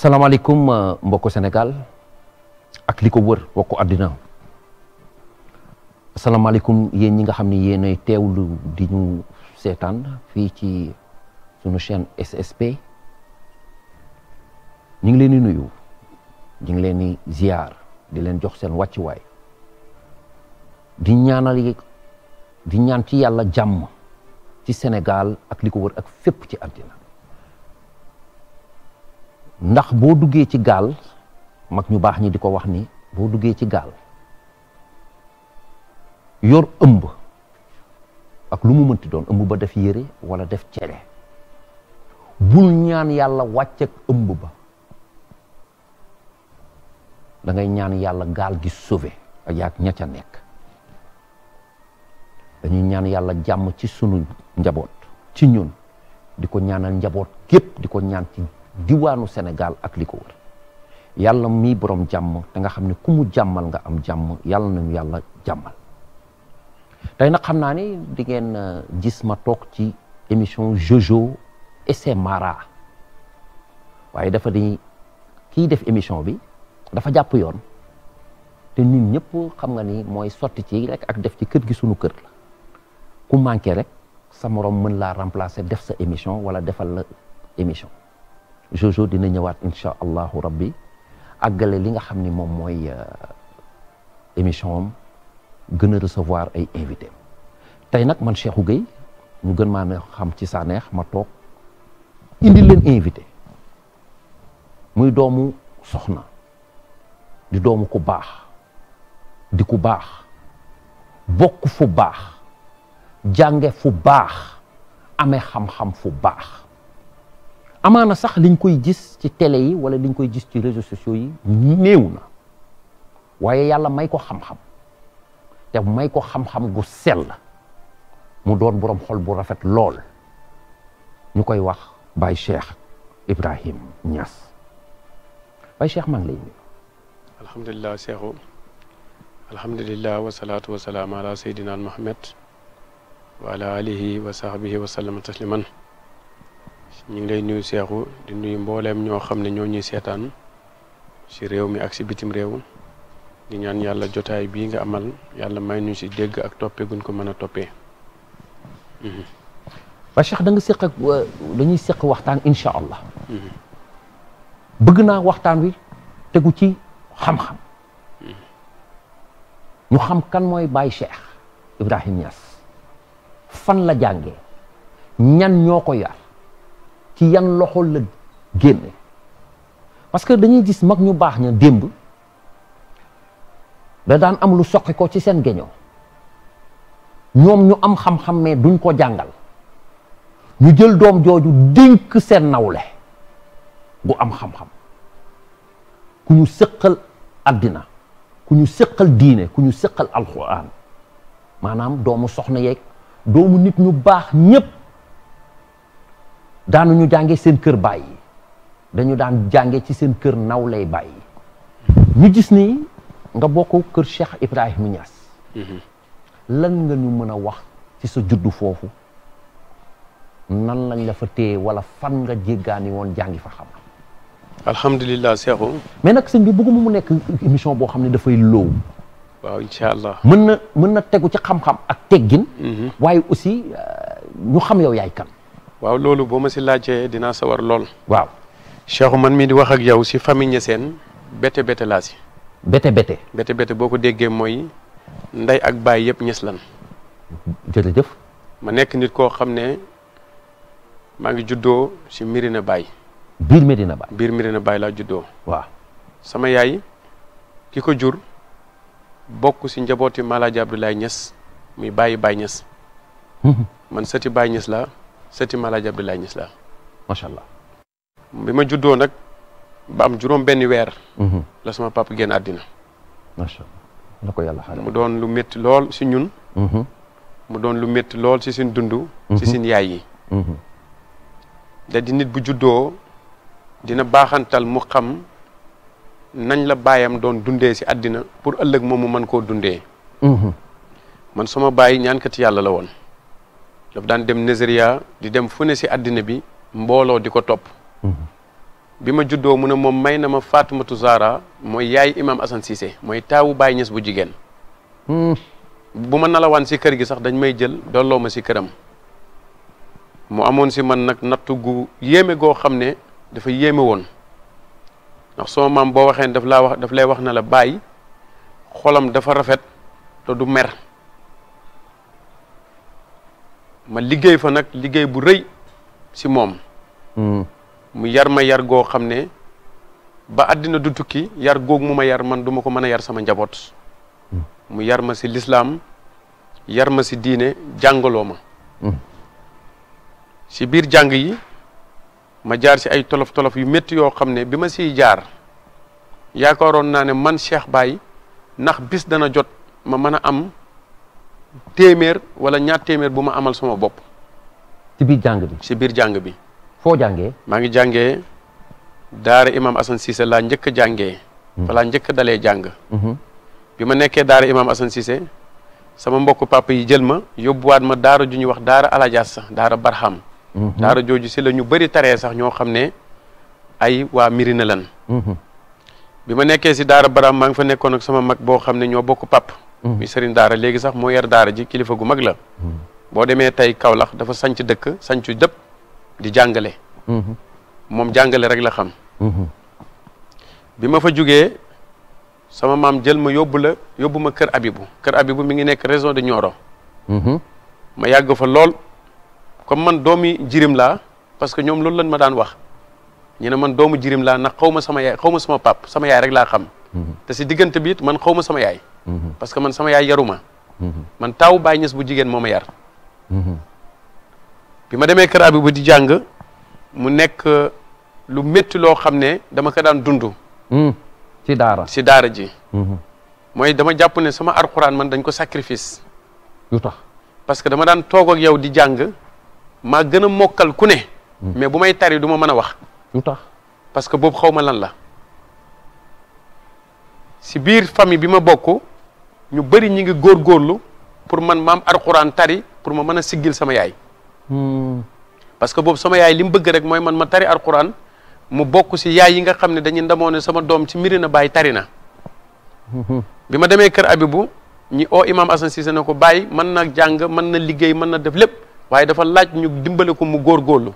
asalaamaaleykum euh, mbokku Sénégal ak li ko wër mbokku àddina asalaamaaleykum yéen ñi nga xam ne yéenay teewlu di ñu seetaan fii ci sunu chaîne SSP ñu ngi leen di nuyu ñu ngi leen di ziar di leen jox seen wàccuwaay di ñaanal di ñaan ci yàlla jàmm ci Sénégal ak li ko wër ak fépp ci àddina ndax boo duggee ci gaal mag ñu baax ñi di ko wax ni boo duggee ci gaal yor ëmb ak lu mu mënti doon ëmb ba def yére wala def cere bul ñaan yàlla wàcc ak ëmb ba dangay ñaan yàlla gaal gi sauvé ak ña ca nekk dañuy ñaan yàlla jàmm ci sunu njaboot ci ñun di ko ñaanal njaboot képp di ko ñaan ci diwaanu Sénégal ak liko wër yàlla mii borom jàmm te nga xam ne ku mu jàmmal nga am jàmm yàlla nañu yàlla jàmmal tey nag xam naa ni di euh, gis ma toog ci émission Jojo et ses maras waaye dafa di kiy def émission bi dafa jàpp yoon te nit ñëpp xam nga ni mooy sotti ci rek ak def ci kër gi sunu kër la ku manqué rek sa morom mën laa remplacer def sa émission wala defal la émission Jojo dina ñëwaat incha allahu rabbi àggale li nga xam ni moom mooy euh, émission am gën a recevoir ay invité tey nag man Cheikhou Gueye ñu gën maa ne xam ci Sanekh ma toog indi leen invité muy doomu soxna di doomu ku baax di ku baax bokk fu baax jànge fu baax amee xam-xam fu baax amaana sax liñ koy gis ci tele yi wala liñ koy gis ci réseaux sociaux yi néew na waaye yàlla may ko xam-xam te may ko xam-xam gu sell mu doon borom xol bu rafet lool ñu koy wax Baye Cheikh Ibrahim Niass Baye Cheikh maa ngi lay nuyu. alhamdulilah Cheikhou alhamdulilah wasalaatu wasalaam ala seydinaan Muhammad wa ala alihi wa tasliman ñu ngi lay nuyu seexu di nuyu mbooleem ñoo xam ne ñoo ñuy seetaan si réew mi ak si bitim réew di ñaan yàlla jotaay bii nga amal yàlla may ñu si dégg ak toppee guñ ko mën a toppee. waa mhm. Cheikh danga nga seq ak dañuy seq waxtaan incha allah. Mhm. bëgg naa waxtaan wi tegu ci xam-xam. Mhm. ñu xam kan mooy Baye Cheikh Ibrahim Niass fan la jàngee ñan ñoo ko yar ci yan loxo la génne parce que dañuy gis mag ñu baax ña démb da daan am lu soqi ko ci seen géñoo ñoom ñu am xam-xam mais duñ ko jàngal ñu jël doom jooju dénk seen nawle gu am xam-xam ku ñu sëqal addina ku ñu sëqal diine ku ñu sëqal alquran maanaam doomu soxna yeeg doomu nit ñu baax ñépp daanuñu jànge seen kër bàyyi dañu daan jànge ci seen kër naw lay baay ñu gis ni nga bokk kër Cheikh Ibrahima Niass mm-hmm. lan nga ñu mën a wax ci sa juddu foofu nan lañ la fa téye wala fan nga jéggaani woon jàngi fa xam alhamdulilah Cheikhou mais nag sëñ bi bëgguma mu nekk mission boo xam ne dafay loow allah mën na mën na tegu ci xam-xam ak teggin mm-hmm. waaye aussi euh, ñu xam yow yaay kan waaw loolu boo ma ci laajtee dinaa sawar lool. waaw Cheikh man mii di wax ak yow si famille Niassène bete bete laa si. bete bete. boo ko déggee mooy ndey ak baay yëpp ñes lan. jëf ma nekk nit koo xam ne maa ngi juddoo si Mirina Baye. biir Mirina na biir Mirina Baye laa juddoo. waaw sama yaay ki ko jur bokk si njabooti Malaaji Abdoulaye Niass muy bàyyi Baye Niass. man sëti Baye Niass laa. sëti Malaaj Abdoulaye Niass la macha allah. bi ma juddoo nag ba am juróom benn weer. Mhm. la sama papa génn àddina. macha ko yàlla xaaral mu doon lu métti lool si ñun. Mhm. mu doon lu métti lool si seen dund. si mhm. seen yaay yi. da di nit bu juddoo dina baaxantal mu xam nañ la baayam doon dundee si àddina pour ëllëg moom mu mën koo dundee. man sama baay ñaankat yàlla la woon. daf daan dem Nigeria di dem fu ne si àddina bi mbooloo di ko topp mhm. bi ma juddoo mu ne moom may na ma Faatumatu zaara mooy yaay imam Assane Cissé mooy taawu Baay Ñas bu jigéen mhm. bu ma nalawaan si kër gi sax dañ may jël dolloo ma si këram mu amoon si man nag nattu gu yéeme goo xam ne dafa yéeme woon ndax soo maam boo waxee daf laa daf lay wax na la bàyyi xolam dafa rafet te du mer ma liggéey fa nag liggéey bu rëy si moom hmm. mu yar ma yar goo xam ne ba àddina du tukki yar goog mu ma yar man duma ko mën a yar sama njaboot hmm. mu yar ma si lislaam yar ma si diine jàngaloo ma hmm. ci biir jàng yi ma jaar si ay tolof tolof yu métti yoo xam ne bi ma siy jaar yaakaaroon naa ne man Cheikh baay ndax bis dana jot ma mën a am téeméer wala ñaar téeméer bu ma amal sama bopp. ci biir jàng bi ci biir jàng bi. foo jàngee. maa ngi jàngee daara imam Assane Cissé laa njëkk a jàngee. Hmm. fa laa njëkk a dalee jàng. Hmm. bi ma nekkee daara imam Assane Cissé sama mbokk pàpp yi jël ma yóbbuwaat ma daara ju ñuy wax daara alajaas sax daara barxam. Hmm. daara jooju si la ñu bëri taree sax ñoo xam ne ay waa Mirina lan. bi ma nekkee si daara baram maa ngi fa nekkoon ak sama mag boo xam ne ñoo bokk pap muy mm-hmm. sëriñ daara léegi sax moo yar daara ji kilifa gu mag la mm-hmm. boo demee tey kawlax dafa sanc dëkk sanc dëpp di jàngale mm-hmm. moom jàngale rek la xam bi ma fa jógee sama maam jël ma yóbbu la yóbbu ma kër abibu kër abibu mi ngi nekk région de Nioro ma yàgg fa lool comme man doomi jirim laa parce que ñoom loolu lañ ma daan wax ñu ne man doomu jirim laa na xaw ma sama yaay xaw ma sama pap sama yaay rek laa xam te si diggante biit man xaw ma sama yaay Mm-hmm. parce que man sama yaay yaruma mm-hmm. man taawu Baay Ñas bu jigéen moo ma yar mm-hmm. bi ma demee kër abi ba di jàng mu nekk euh, lu métti loo xam ne dama ko daan dund mm. ci daara si daara ji mooy dama jàpp ne sama alxuraan man dañ ko sacrifice lu parce que dama daan toog ak yow di jàng maa gën a mokkal ku ne mm. mais bu may tari du ma mën a wax lu parce que boobu xaw ma lan la si biir famille bi ma bokk ñu bëri ñu ngi góor góorlu pour man maam alxuraan tari pour ma mën a siggil sama yaay hmm. parce que boobu sama yaay li mu bëgg rek mooy man ma tari alxuraan mu bokk si yaay yi nga xam ne dañuy ndamoo ne sama doom ci mbiri na bàyyi tari na hmm. bi ma demee kër abibu ñi oo imaam Assane ko bàyyi mën na jàng mën na liggéey mën na def lépp waaye dafa laaj ñu dimbale ko mu góorgóorlu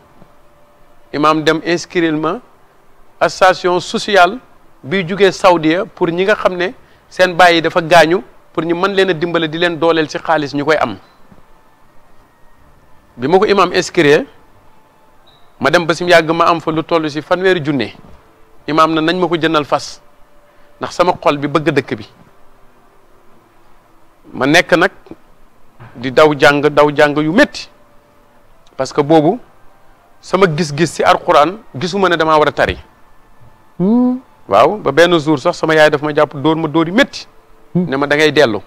imaam dem inscrire ma association sociale jógee jugee Saudia pour ñi nga xam ne seen bàyyi dafa gaañu pour ñu mën leen a dimbale di leen dooleel ci xaalis ñu koy am bi ma ko imaam inscrire ma dem ba si mu yàgg ma am fa lu toll si fanweeri junne imaam na nañ ma ko jëndal fas ndax sama xol bi bëgg dëkk bi ma nekk nag di daw jàng daw jàng yu métti parce que boobu sama gis-gis si alxuraan gisuma ne damaa war a tari. Hmm. waaw ba benn jour sax sama yaay dafa ma jàpp dóor ma dóor yi métti hmm. ne ma dangay dellu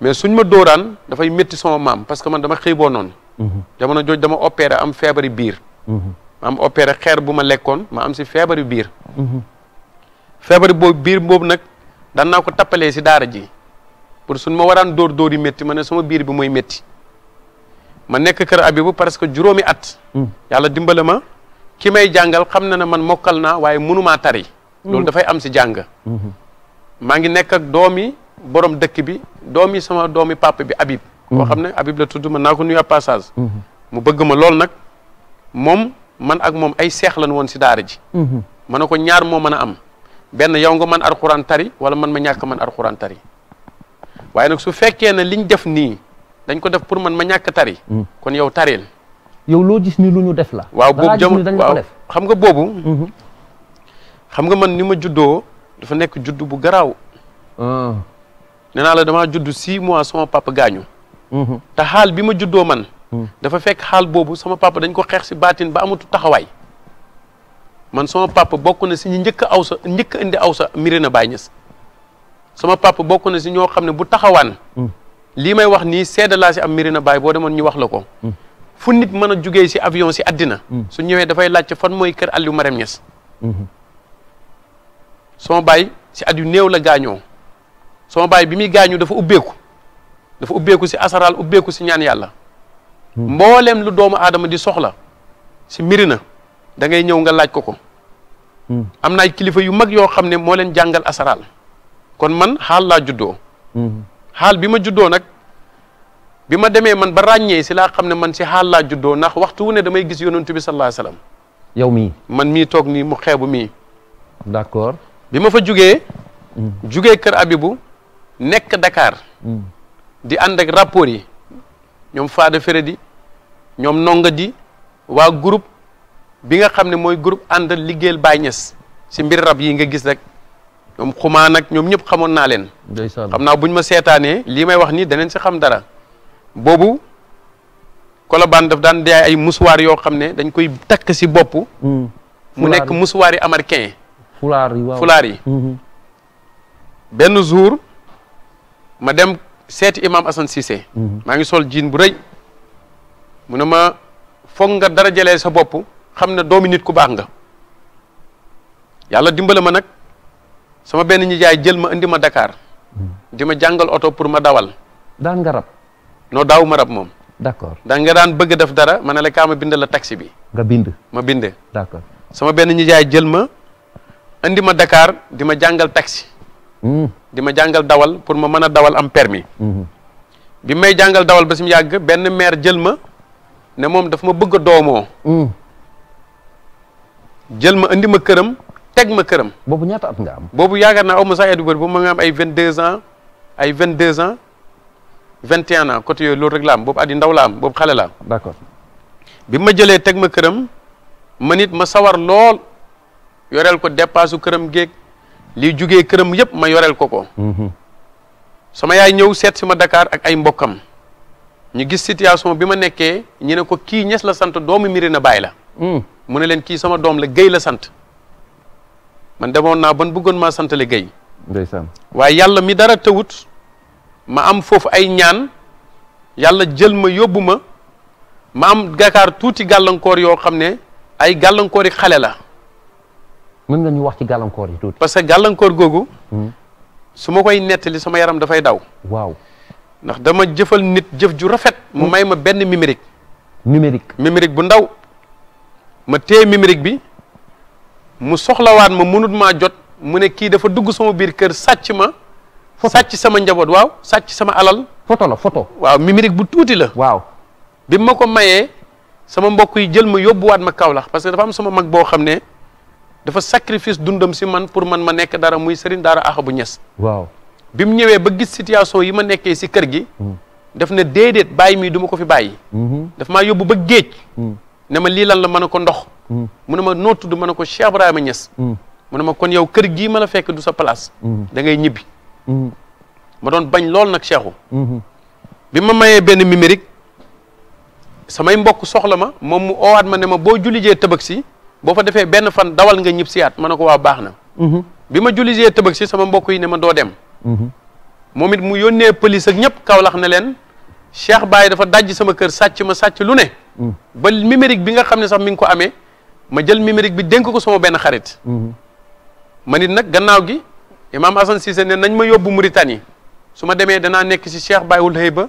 mais suñ ma dóoraan dafay métti sama maam parce que man dama xëy noonu hmm. jamono jooj dama opéré am feebari biir hmm. ma am opéré xeer bu ma lekkoon ma am si feebari biir feebari boobu biir boobu nag daan naa ko tappalee si daara ji pour suñ ma waraan dóor dóor yi métti ma ne sama biir bi mooy métti ma nekk kër Abibu parce que juróomi at yàlla dimbale ma ki may jàngal xam na ne man mokkal naa waaye mënumaa tari Mm-hmm. loolu dafay am si jàng mm-hmm. maa ngi nekk ak doomi borom dëkk bi doomi sama doomi papa bi Habib mm-hmm. koo xam ne Habib la tudd ma naa ko nuyu passage mu bëgg ma lool nag moom man ak moom ay seex lan woon si daara ji ma ne ko ñaar moo mën a am benn yow nga man alxuraan tari wala man ma ñàkk man alxuraan tari waaye nag su fekkee ne liñ def nii dañ ko def pour man ma ñàkk tari mm. kon yow taril yow loo gis ni lu ñu def la waaw boobu jamono waaw xam nga boobu xam nga man ni ma juddoo dafa nekk juddu bu garaaw. Ah. nee naa la damaa judd six mois sama papa gaañu. Mhm. te xaal bi ma juddoo man. Hmm. dafa fekk xaal boobu sama papa dañ ko xeex si baatin ba amatu taxawaay. man sama papa bokk na si njëkk aw sa njëkk a aw sa miri na bàyyi sama papa bokk na si ñoo xam ne bu taxawaan. Hmm. lii may wax nii seede laa si am miri na bàyyi boo demoon ñu wax la ko. Hmm. fu nit mën a jóge si avion si àddina su ñëwee dafay laajte fan mooy kër Aliou Marème Niass. sama baay si at yu néew la gaañoo sama baay bi muy gaañu dafa ubbeeku dafa ubbeeku si asaraal ubbeeku si ñaan yàlla hmm. mboolem lu doomu aadama di soxla si mirina da ngay ñëw nga laaj ko ko hmm. am naa kilifa yu mag yoo xam ne moo leen jàngal asaraal kon man xaal laa juddoo hmm. xaal bi ma juddoo nag bi ma demee man ba ràññee si laa xam ne man si xaal laa juddoo ndax waxtu wu ne damay gis yonantu bi sallallahu alayhi wasallam yow mii man mii toog nii mu xeebu mii d'accord bi ma fa jógee mm. jugee kër Abibu nekk Dakar mm. di ànd ak rapport yi ñoom Fada Feredi ñoom nonga di waa groupe bi nga xam ne mooy groupe ànd liggéeyal Baay Ñas si mbir rab yi nga gis rek ñoom xumaa nag ñoom ñëpp xamoon naa leen xam naa buñ ma seetaanee lii may wax nii daneen si xam dara boobu Colobane daf daan jaay ay musuwaar yoo xam ne dañ koy takk si bopp mm. mu nekk musuwaar yi américain fulaar yi waaw fulaar yi. Mhm. benn jour ma dem seeti imam Assane Cissé. Mhm. maa ngi sol jiin bu rëy mu ne ma foog nga dara jëlee sa bopp xam ne doomi nit ku baax nga yàlla dimbale ma nag sama benn nijaay jël ma indi ma dakaar mhm. di ma jàngal oto pour ma dawal. daan nga rab. noo daaw ma rab moom. d'accord da nga daan bëgg def dara ma ne la kaa ma bind la taxi bi. nga bind ma bind. d'accord sama benn nijaay jël ma. indi ma Dakar di ma jàngal taxi. Hmm. di ma jàngal dawal pour ma mën a dawal am permis. Hmm. bi may jàngal dawal ba si mu yàgg benn maire jël ma ne moom dafa ma bëgg a doomoo. Hmm. jël ma indi ma këram teg ma këram. boobu ñaata at nga am. boobu yaakaar naa aw ma sax bu ma nga am ay vingt deux ans ay vingt deux ans vingt côté yooyu loolu rek la am boobu at yi ndaw la am boobu xale la bi ma jëlee teg ma këram ma nit ma sawar lool. yoreel ko depaasu këram géeg li jugee këram yépp ma yoreel ko ko mm-hmm. sama yaay ñëw seet si ma dakaar ak ay mbokkam ñu gis situation bi ma nekkee ñu ne ko kii ñes la sant doomu Mirina Baay la mm. mu ne leen kii sama doom la Géy la sant man demoon naa ban bëggoon maa santale Géy ndeysaan waaye yàlla mi dara tëwut ma am foofu ay ñaan yàlla jël ma yóbbu ma ma am Dakar tuuti gàllankoor yoo xam ne ay gàllankoori xale la mën nga ñu wax ci gàllankoor yi tuuti. parce que gàllankoor googu. Hmm. su ma koy nettali sama yaram dafay daw. waaw ndax dama jëfal nit jëf ju rafet. mu hmm. may ma benn numérique. numérique numérique bu ndaw. ma téye numérique bi mu soxlawaat ma mënut maa jot mu ne kii dafa dugg sama biir kër sàcc ma. sàcc sama njaboot waaw sàcc sama alal. photo la photo waaw numérique bu tuuti la. waaw bi ma ko mayee sama mbokk yi jël ma yóbbuwaat ma kawlax parce que dafa am sama mag boo xam ne. dafa sacrifice dundam si man pour man ma nekk dara muy sëriñ daara Axabu Ñas waaw bi mu ñëwee ba gis situation yi ma nekkee si kër gi mm. def na déedéet bàyyi mii duma ko fi bàyyi mm-hmm. daf ma yóbbu ba géej mm. ne ma lii lan la mën a ko ndox mm. mu ne ma noo tudd mën a ko Cheikh ma Ñas mu ne ma kon yow kër gii ma la fekk du sa place mm-hmm. da ngay ñibbi mm-hmm. ma doon bañ lool nag Cheikhu bi ma mayee benn mimérique samay mbokk soxla ma moom mu oowaat ma ne ma boo jullijee tëbëg si boo fa defee benn fan dawal nga ñib siyaat ma ne ko waa baax na mhm. bi ma julisee tëbëg si sama mbokk yi ne ma doo dem mhm. moom it mu yónnee pëlis ak ñëpp Kaolack ne leen Cheikh bàyyi dafa dajj sama kër sàcc ma sàcc lu ne mhm. ba numérique bi nga xam ne sax mi ngi ko amee ma jël numérique bi dénk ko sama benn xarit ma nit nag gannaaw gi Imam Hassan Cissé ne nañ ma yóbbu Mauritanie su ma demee danaa nekk si Cheikh Baye wul xëy ba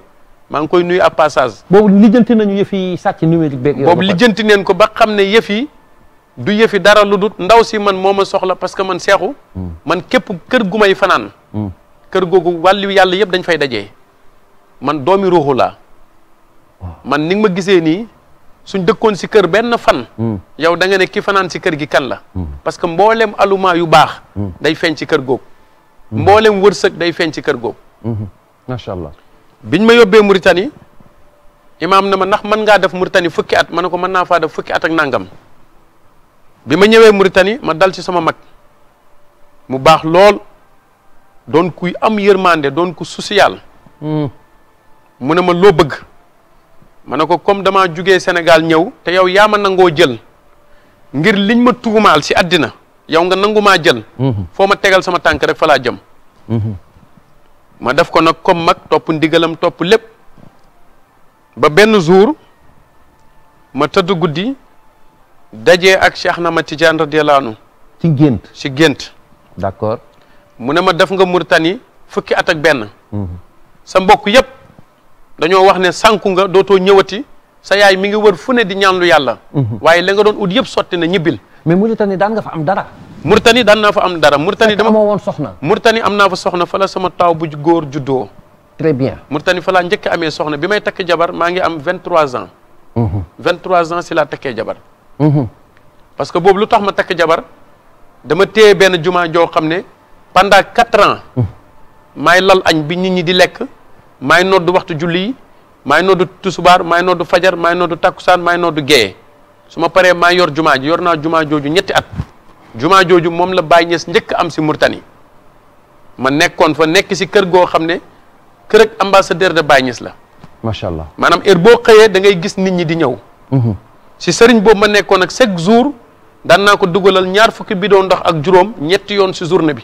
maa ngi koy nuyu ab passage boobu lijjanti nañu yëf yi sàcc numérique beeg boobu lijjanti neen ko ba xam ne yëf yi du yëfi dara lu dut ndaw si man moo ma soxla parce que man seexu hmm. man képp kër gu may fanaan hmm. kër googu wàllu yàlla yëpp dañ fay dajee man doomi ruuxu laa man ni ma gisee nii suñ dëkkoon si kër benn fan hmm. yow da nga ne ki fanaan si kër gi kan la parce que mboolem aluma yu baax day feeñ ci kër googu mboolem wërsëg day feeñ ci kër googu macha allah biñ ma yóbbee Mauritanie imaam na ma ndax mën ngaa def tani fukki at ma ne ko mën naa faa def fukki at ak nangam bi ma ñëwee Mauritanie ma dal ci sama mag mu baax lool doon kuy am yërmande doon ku social. Hmm. mu ne ma loo bëgg ma ne ko comme damaa jugee Sénégal ñëw te yow yaa ma nangoo jël ngir liñ ma tuumaal si àddina yow nga nangu maa jël. Hmm. foo ma tegal sama tànk rek fa laa jëm. Hmm. ma def ko nag comme mag topp ndigalam topp lépp ba benn jour ma tëdd guddi. dajee ak Cheikh na ma radiyallahu anhu ci gént si gént d'accord mu ne ma def nga Murtani fukki at ak benn mhm. sa mbokk yépp dañoo wax ne sànku nga dootoo ñëwati sa yaay mi ngi war fu ne di ñaanlu yàlla mhm. waaye la nga doon ut yépp sotti na ñibbil mais Murtani daan nga fa am dara Murtani daan naa fa am dara Murtani dama amoo woon soxna Murtani am naa fa soxna fa la sama taaw bu góor juddoo très bien Murtani fa laa njëkk amee soxna bi may takk jabar maa ngi am vingt trois ans mhm. vingt si laa takkee jabar Mhm. parce que boobu lu tax ma takk jabar dama téye benn jumaa joo xam ne pendant quatre ans mhm. maay lal añ bi nit ñi di lekk maay noddu waxtu julli yi maay noddu tusubaar maay noddu fajar maay noddu takkusaan maay noddu gee su ma paree maa yor jumaa ji yor naa jumaa jooju ñetti at jumaa jooju moom la Baay Ñas njëkk am si Murtani ma nekkoon fa nekk si kër goo xam ne kër ak ambassadeur de Baay Ñas la macha allah maanaam heure boo xëyee da ngay gis nit ñi di ñëw mhm. si sëriñ boobu ma nekkoon ak chaque jour daan naa ko dugalal ñaar fukki bidon ndox ak juróom ñetti yoon si journée bi.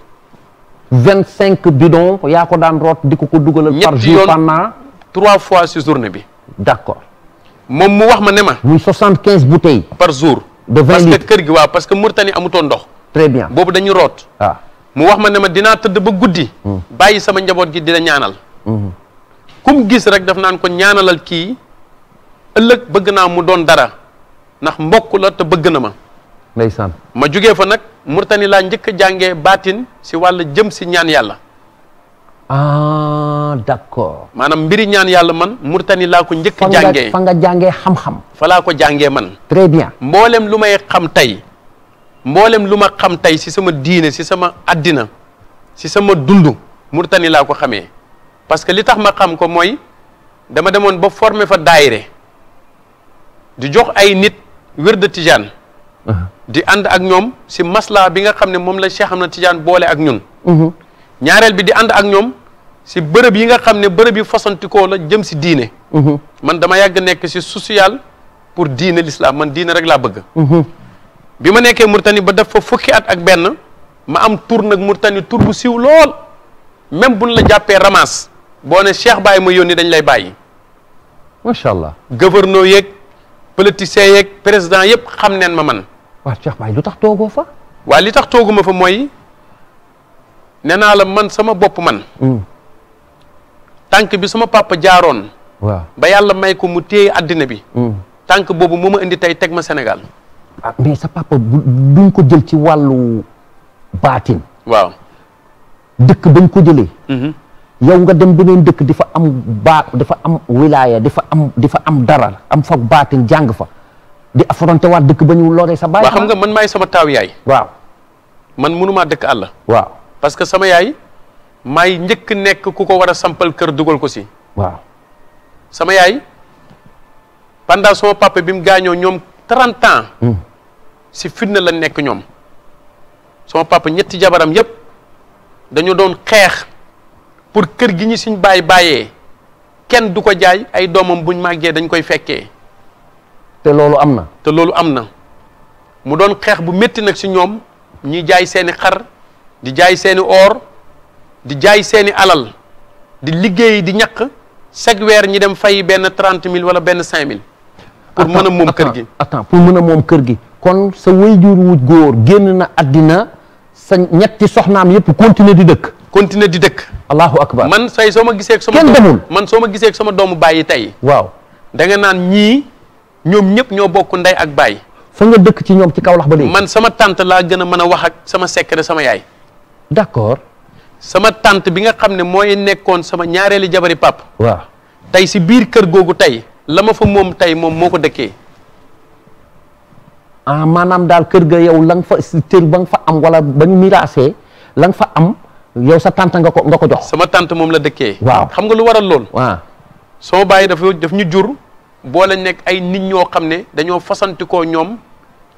vingt cinq bidon yaa ko daan root di ko ko dugalal. par jour pendant trois fois si journée bi. d' accord. moom mu wax ma ne ma. muy soixante quinze bouteilles. par jour. de vingt litres parce kër gi waa parce que Mauritanie amutoon ndox. très bien boobu dañu root. waaw ah. mu wax ma ne ma dinaa tëdd ba guddi. Hmm. bàyyi sama njaboot gi dina ñaanal. Hmm. kum gis rek daf naan ko ñaanalal kii ëllëg bëgg naa mu doon dara. ndax mbokk la te bëgg na ma ndeysaan ma jugee fa nag Murtani laa njëkk a jàngee baatin si wàll jëm si ñaan yàlla ah d'accord maanaam mbiri ñaan yàlla man Murtani laa ko njëkk jàngee fa nga jàngee xam-xam fa laa ko jàngee man très bien mboolem lu may xam tey mboolem lu ma xam tey si sama diine si sama àddina si sama dund Murtani laa ko xamee parce que li tax ma xam ko mooy dama demoon ba formé fa daayire di jox ay nit wér de tijaan di ànd ak ñoom si masla bi nga xam ne moom la Cheikh na Tijaan boole ak ñun mhm. ñaareel bi di ànd ak ñoom si bërëb yi nga xam ne bërëb yi fasantikoo la jëm si diine mhm. man dama yàgg nekk si social pour diine l'islam man diine rek laa bëgg mhm. bi ma nekkee Murtani ba def fa fukki at ak benn ma am tur nag Murtani tur bu siw lool même buñ la jàppee ramas boo ne Cheikh Baye ma yónni dañ lay bàyyi macha allah gouverneur yeeg politiciens yeeg président yëpp xam neen ma man. waaw Cheikh lu tax toogoo fa. waa li tax tooguma fa mooy nee naa la man sama bopp man. Mm. tànk bi sama papa jaaroon. waaw ba yàlla may ko mu téye àddina bi. Mm. tànk boobu moo ma indi tey teg ma Sénégal. ah mais sa papa duñ ko jël ci wàllu baatin. waaw dëkk bañ ko jëlee. Mm-hmm. yow nga dem beneen dëkk di fa am baa dafa am wilaya dafa am di fa am dara am fa baatin jàng fa di affronté waat dëkk ba ñu loree sa baay. waaw xam nga man maay sama taaw yaay. waaw man mënumaa dëkk àll. waaw parce que sama yaay maay njëkk nekk ku ko war a sampal kër dugal ko si. waaw sama yaay pendant sama papa bi mu gaañoo ñoom 30 ans. Hmm. si fitna la nekk ñoom. sama papa ñetti jabaram yépp dañu doon xeex. pour kër gi ñu suñ baay bàyyee kenn du ko jaay ay doomam buñ màggee dañ koy fekkee te loolu am na te loolu am na mu doon xeex bu métti nag si ñoom ñi jaay seeni xar di jaay seeni or di jaay seeni alal di liggéey di ñaq chaque weer ñi dem fay benn trente mille wala benn cinq mille pour mën a moom kër gi attends pour mën a moom kër gi kon sa wayjur wu góor génn na àddina sa ñetti soxnaam yépp continuer di dëkk continuer di dëkk allahu akbar man say soo ma gisee ak sama man soo ma gisee sama doomu bàyyi tey waaw da nga naan ñii ñoom ñëpp ñoo bokk ndey ak bàyyi fa nga dëkk ci ñoom ci kaw lax ba léegi man sama tànt laa gën a mën a wax ak sama secret sama yaay d'accord sama tante bi nga xam ne mooy nekkoon sama ñaareelu jabari pàpp waa tey si biir kër googu tey la ma fa moom tey moom moo ko dëkkee ah maanaam daal kër ga yow la nga fa cër ba nga fa am wala ba ñu miraasee la nga fa am yow sa tante nga ko nga ko jox. sama tànt moom la dëkkee. waaw xam nga lu waral lool. waaw soo bàyyi dafa daf ñu jur. boo la nekk ay nit ñoo xam ne dañoo fasantikoo ñoom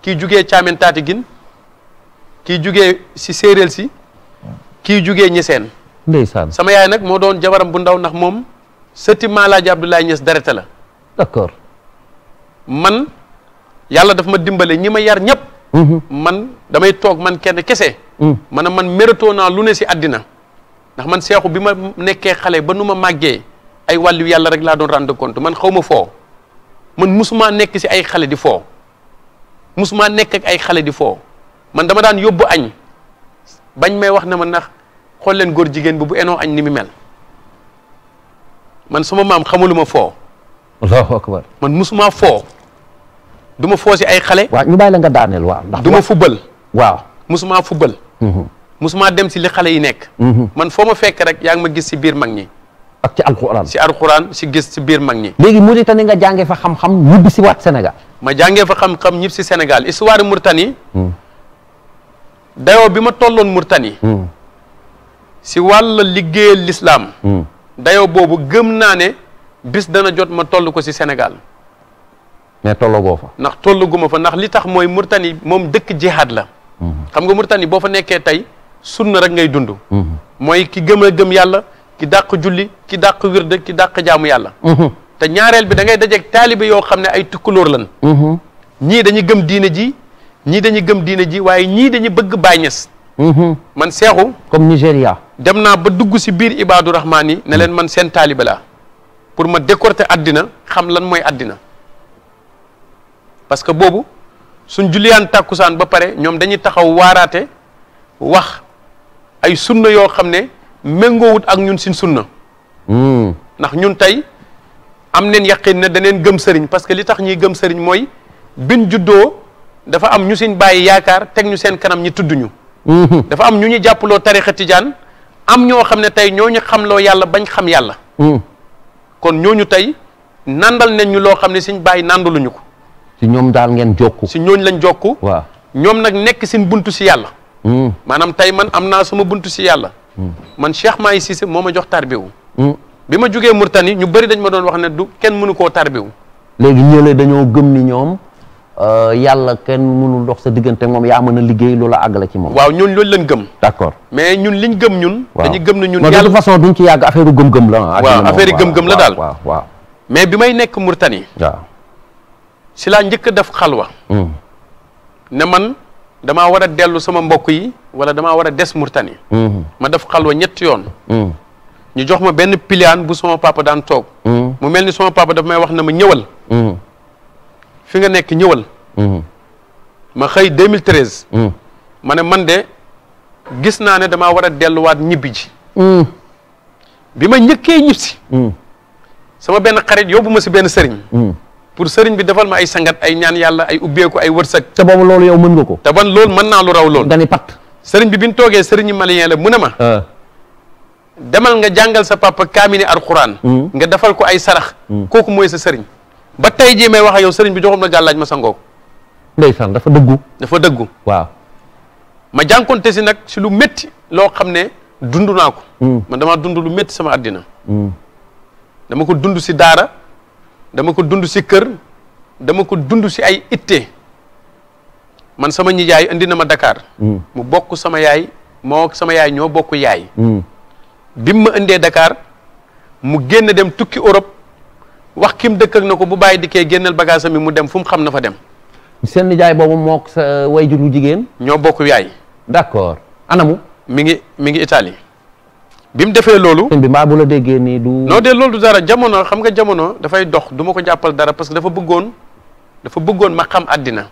kii jugee caamen taati gin kii jugee si séeréel si kii jugee ñeseen. ndeysaan sama yaay nag moo doon jabaram bu ndaw ndax moom sëti Maalaaji Abdoulaye Niass darete la. d'accord man yàlla daf ma dimbale ñi ma yar ñëpp. man damay toog man kenn kese. Mm. man man méritoo naa lu ne si àddina ndax man seexu bi ma nekkee xale ba nu ma màggee ay wàllu yàlla rek laa doon rendre compte man xaw ma foo man musuma nekk si ay xale di foo musuma nekk ay xale di foo man dama daan yóbbu añ bañ may wax ne ma ndax xool leen góor jigéen bi bu enoo añ ni mu mel man suma maam xamuluma foo allahu akbar man musuma foo du ma foosi ay xale. waaw ñu la nga daaneel waaw. ndax du ma fubal. waaw musuma fubal. Mhm. musuma dem si li xale yi nekk. Mhm. man foo ma fekk rek yaa ngi ma gis si biir mag ñi. ak ci si alxuraan si gis si biir mag ñi. léegi mu Mauritanie nga jàngee fa xam-xam ñibbi si waat Sénégal. ma jàngee fa xam-xam si Sénégal histoire Mauritanie. Mhm. dayoo bi ma tolloon Mauritanie. si wàll liggéeyal lislaam dayo boobu gëm naa ne bis dana jot ma toll ko si Sénégal. mais tollagoo fa ndax tollaguma fa ndax li tax mooy Murtani moom dëkk jihaad la mhm. xam nga Murtani boo fa nekkee tey na rek ngay dund mhm. mooy ki gëm a gëm yàlla ki dàq julli ki dàq wirde ki dàq jaamu yàlla mhm. te ñaareel bi da ngay dajeeg taalibe yoo xam ne ay tukkulóor lan ñii dañuy gëm diine ji ñii dañuy gëm diina ji waaye ñii dañuy bëgg Baay Ñas man seexu comme Nigéria dem naa ba dugg si biir Ibaadu Rahmaan yi ne leen man seen taalibe la pour ma décorter àddina xam lan mooy àddina parce que boobu suñ julliyaan tàkkusaan ba pare ñoom dañuy taxaw waaraate wax ay sunna yoo xam ne méngoowut ak ñun sin sunna hmm. ndax ñun tey am neen yaqin ne daneen gëm sëriñ parce que li tax ñuy gëm sëriñ mooy bin juddoo dafa am ñu seen bàyyi yaakaar teg ñu seen kanam ñi tudduñu hmm. dafa am ñu ñu jàppaloo tarixa tijaan am ñoo xam ne tey ñooñu xamloo yàlla bañ xam yàlla hmm. kon ñooñu tey nandal nañ ñu loo xam ne suñ bàyyi nandaluñu ko si ñoom daal ngeen jokk si ñooñ lañ jokku waaw ñoom nag nekk seen buntu si yàlla hmm. maanaam tey man am naa suma buntu si yàlla hmm. man Cheikh Mahi Cissé moo ma jox tarbiwu hmm. bi ma jugee Murtani ñu bëri dañ ma doon wax ne du kenn mënu koo tarbiwu léegi ñële dañoo gëm ni ñoom euh, yàlla kenn mënul dox sa diggante moom yaa mën a liggéey loola àggale ci moom waaw ñun loolu lañ gëm d'accord mais ñun liñ gëm ñun dañu gëm ne ñun yàlla de façon duñ ci yàgg affaire ah. gëm-gëm la waaw affaire gëm-gëm la daal waaw waaw mais bi may nekk Murtani waaw si laa njëkk a def xalwa hmm. ne man damaa war a dellu sama mbokk yi wala damaa war a des Murtani hmm. ma def xalwa ñetti yoon hmm. ñu jox ma benn pilaan bu sama papa daan toog mu mel ni sama papa daf may wax na ma ñëwal fi nga nekk ñëwal ma xëy 2013 ma ne man de gis naa ne damaa war a delluwaat ñibbi ji bi ma njëkkee ñibbi si sama benn xarit yóbbu ma si benn sëriñ pour sëriñ bi defal ma ay sangat ay ñaan yàlla ay ubbeeku ay wërsëg te boobu loolu yow mën nga ko te ban loolu mën naa lu raw loolu dani pat sëriñ bi bi ñu toogee sëriñu malien la mu ne ma ah. demal nga jàngal sa papa kaamini alxuraan hmm. nga defal ko ay sarax hmm. kooku mooy sa sëriñ ba tey jii may wax ak yow sëriñ bi joxum na gàllaaj ma sangoo ndeysaan dafa dëggu dafa dëggu waaw ma jànkonte si nag si lu métti loo xam ne dund naa ko hmm. man damaa dund lu métti sama àddina dama ko dund si daara dama ko dund si kër dama ko dund si ay itte man sama nijaay indi na ma dakaar hmm. mu bokk sama yaay moo sama yaay ñoo bokk yaay. Mm. ma indee dakaar mu génn dem tukki Europe wax kim dëkk ak na ko bu bàyyi di dikkee génnal bagage mi mu dem fu mu xam na fa dem. seen nijaay boobu mook sa wayjur jigéen. ñoo bokk yaay. d'accord anamu. mi ngi mi ngi Italie. bi mu defee loolu. bi maa bu la déggee nii du. non loolu du dara jamono xam nga jamono dafay dox du ma ko jàppal dara parce que dafa bëggoon dafa bëggoon ma xam àddina.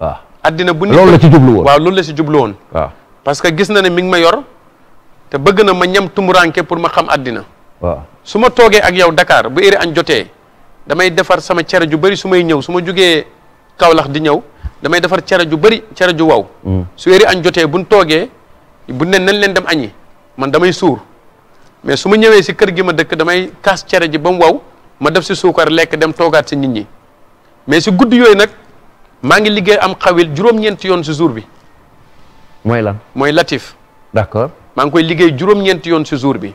waaw àddina bu. loolu la ci jublu woon waaw loolu la ci jublu woon. waaw parce que gis na ne mi ngi ma yor te bëgg na ma ñam tumuranke pour ma xam àddina. waaw su ma toogee ak yow dakaar bu heure añ jotee damay defar sama cere ju bëri su may ñëw su ma jugee kawlax di ñëw damay defar cere ju bëri cere ju waw. Mm. su heure añ jotee bu buñ toogee bu ne nañ leen dem añi man damay suur. mais su ma ñëwee si kër gi ma dëkk damay tas cere ji ba mu waw ma def si suukar lekk dem toogaat si nit ñi mais si guddi yooyu nag maa ngi liggéey am xawil juróom-ñeenti yoon si jour bi. mooy lan mooy latif. d'accord maa ngi koy liggéey juróom yoon si jour bi.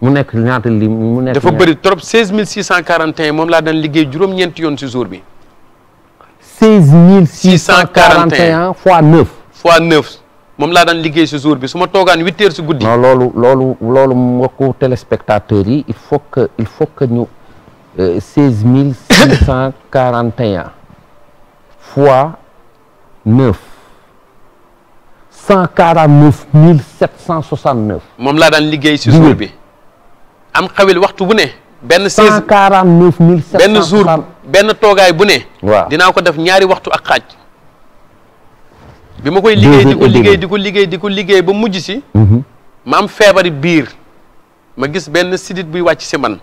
mu nekk ñaata li mu nekk dafa bëri trop 16641 moom laa daan liggéey juróom-ñeenti yoon si jour bi. 16641 fois fois 9. moom laa daan liggéey si jour bi su ma toogaan huit heures si guddi. non loolu loolu loolu mbokku téléspectateurs yi il faut il faut que ñu euh, seize mille six cent quarante et un fois moom laa daan liggéey si jour bi. am xawil waxtu bu ne. benn seize cent quarante neuf benn toogaay bu ne. waaw dinaa ko def ñaari waxtu ak xaaj. bi ma koy liggéey di ko liggéey di ko liggéey di ko liggéey ba mujj si mm-hmm. ma am feebari biir ma gis benn sidit buy wàcc si man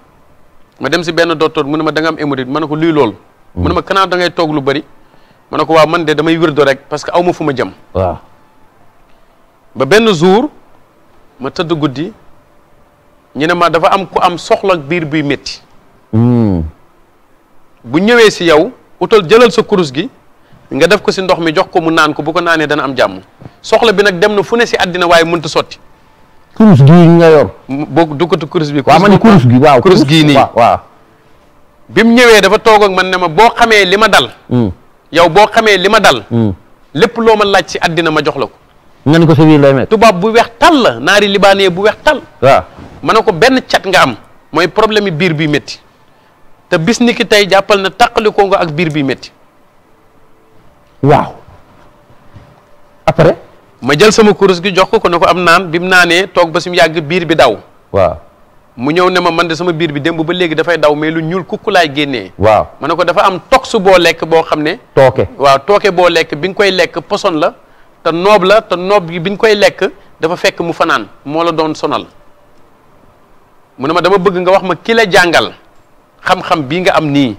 ma dem si benn docteur mu ne ma da nga am hémorroïde ma ne ko luy lool mu ne ma kanaan dangay toog lu bari ma ne ko waaw man de damay wirdo rek parce que aw ma fu ma jëm waaw ba benn jour ma tëdd guddi ñu ne ma dafa am ku am soxla biir buy metti mm. bu ñëwee si yow utal jëlal sa kurus gi nga def ko si ndox mi jox ko mu naan ko bu ko naanee dana am jàmm soxla bi nag dem na fu ne si àddina waaye mënta sotti. kurus gii nga yor. boo duggatu kurus bi. waaw man gi waaw gii nii waaw. bi mu ñëwee dafa toog ak man ne ma boo xamee li ma dal. Mm. yow boo xamee li ma dal. Mm. lépp loo ma laaj si àddina ma jox la ko. ngeen ko sa biir lay tubaab bu weex tal la naari libaanee bu weex tal. waaw ma ne ko benn cet nga am. mooy problème yi biir bi métti. te bis ni ki tey jàppal na taqali ko nga ak biir bi métti. waaw après. ma jël sama kurus gi jox ko ko ne ko am naan bi mu naanee toog ba mu yàgg biir bi daw. waaw mu ñëw ne ma man de sama biir bi démb ba léegi dafay daw mais lu ñuul kukku laay génnee. waaw ma ne ko dafa am tox boo lekk boo xam ne. tooke waaw tooke boo lekk bi nga koy lekk poson la te noob la te noob bi nga koy lekk dafa fekk mu fanaan moo la doon sonal. mu ne ma dama bëgg nga wax ma ki la jàngal xam-xam bii nga am nii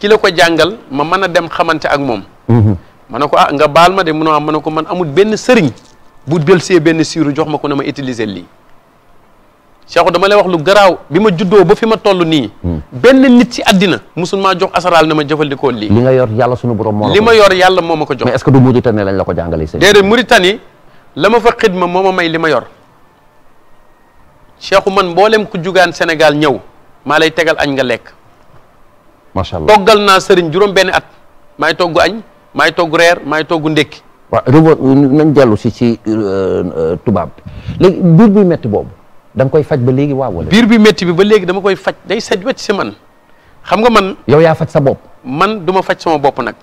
ki la ko jàngal ma mën a dem xamante ak moom. Mhm. ma ne ko a ah, nga baal ma de munoo am ma ne ko man amut benn sëriñ bu delsee benn siiru jox ma ko na ma utiliser lii Cheikh dama lay wax lu garaaw bi ma juddoo ba fi ma toll nii. Hmm. benn nit ci àddina musul maa jox asaraal na ma jëfandikoo lii. li nga yor yàlla sunu borom moo li ma yor yàlla moo ma ko jox. mais est-ce que du Mauritanie lañ la ko jàngalee. sëñ bi la ma fa xidma moo ma may li ma yor Cheikh man mboolem ku jugaan Sénégal ñëw maa lay tegal añ nga lekk. macha allah toggal naa sëriñ juróom benn at maay togg añ. maay togg reer maay togg ndékki waa revo nañ dellu si si euh, euh, tubaab léegi biir bi métti boobu da koy faj ba léegi waaw wala biir bi métti bi ba léegi dama koy faj day set wecc si man xam nga man yow yaa faj sa bopp man duma faj sama bopp nag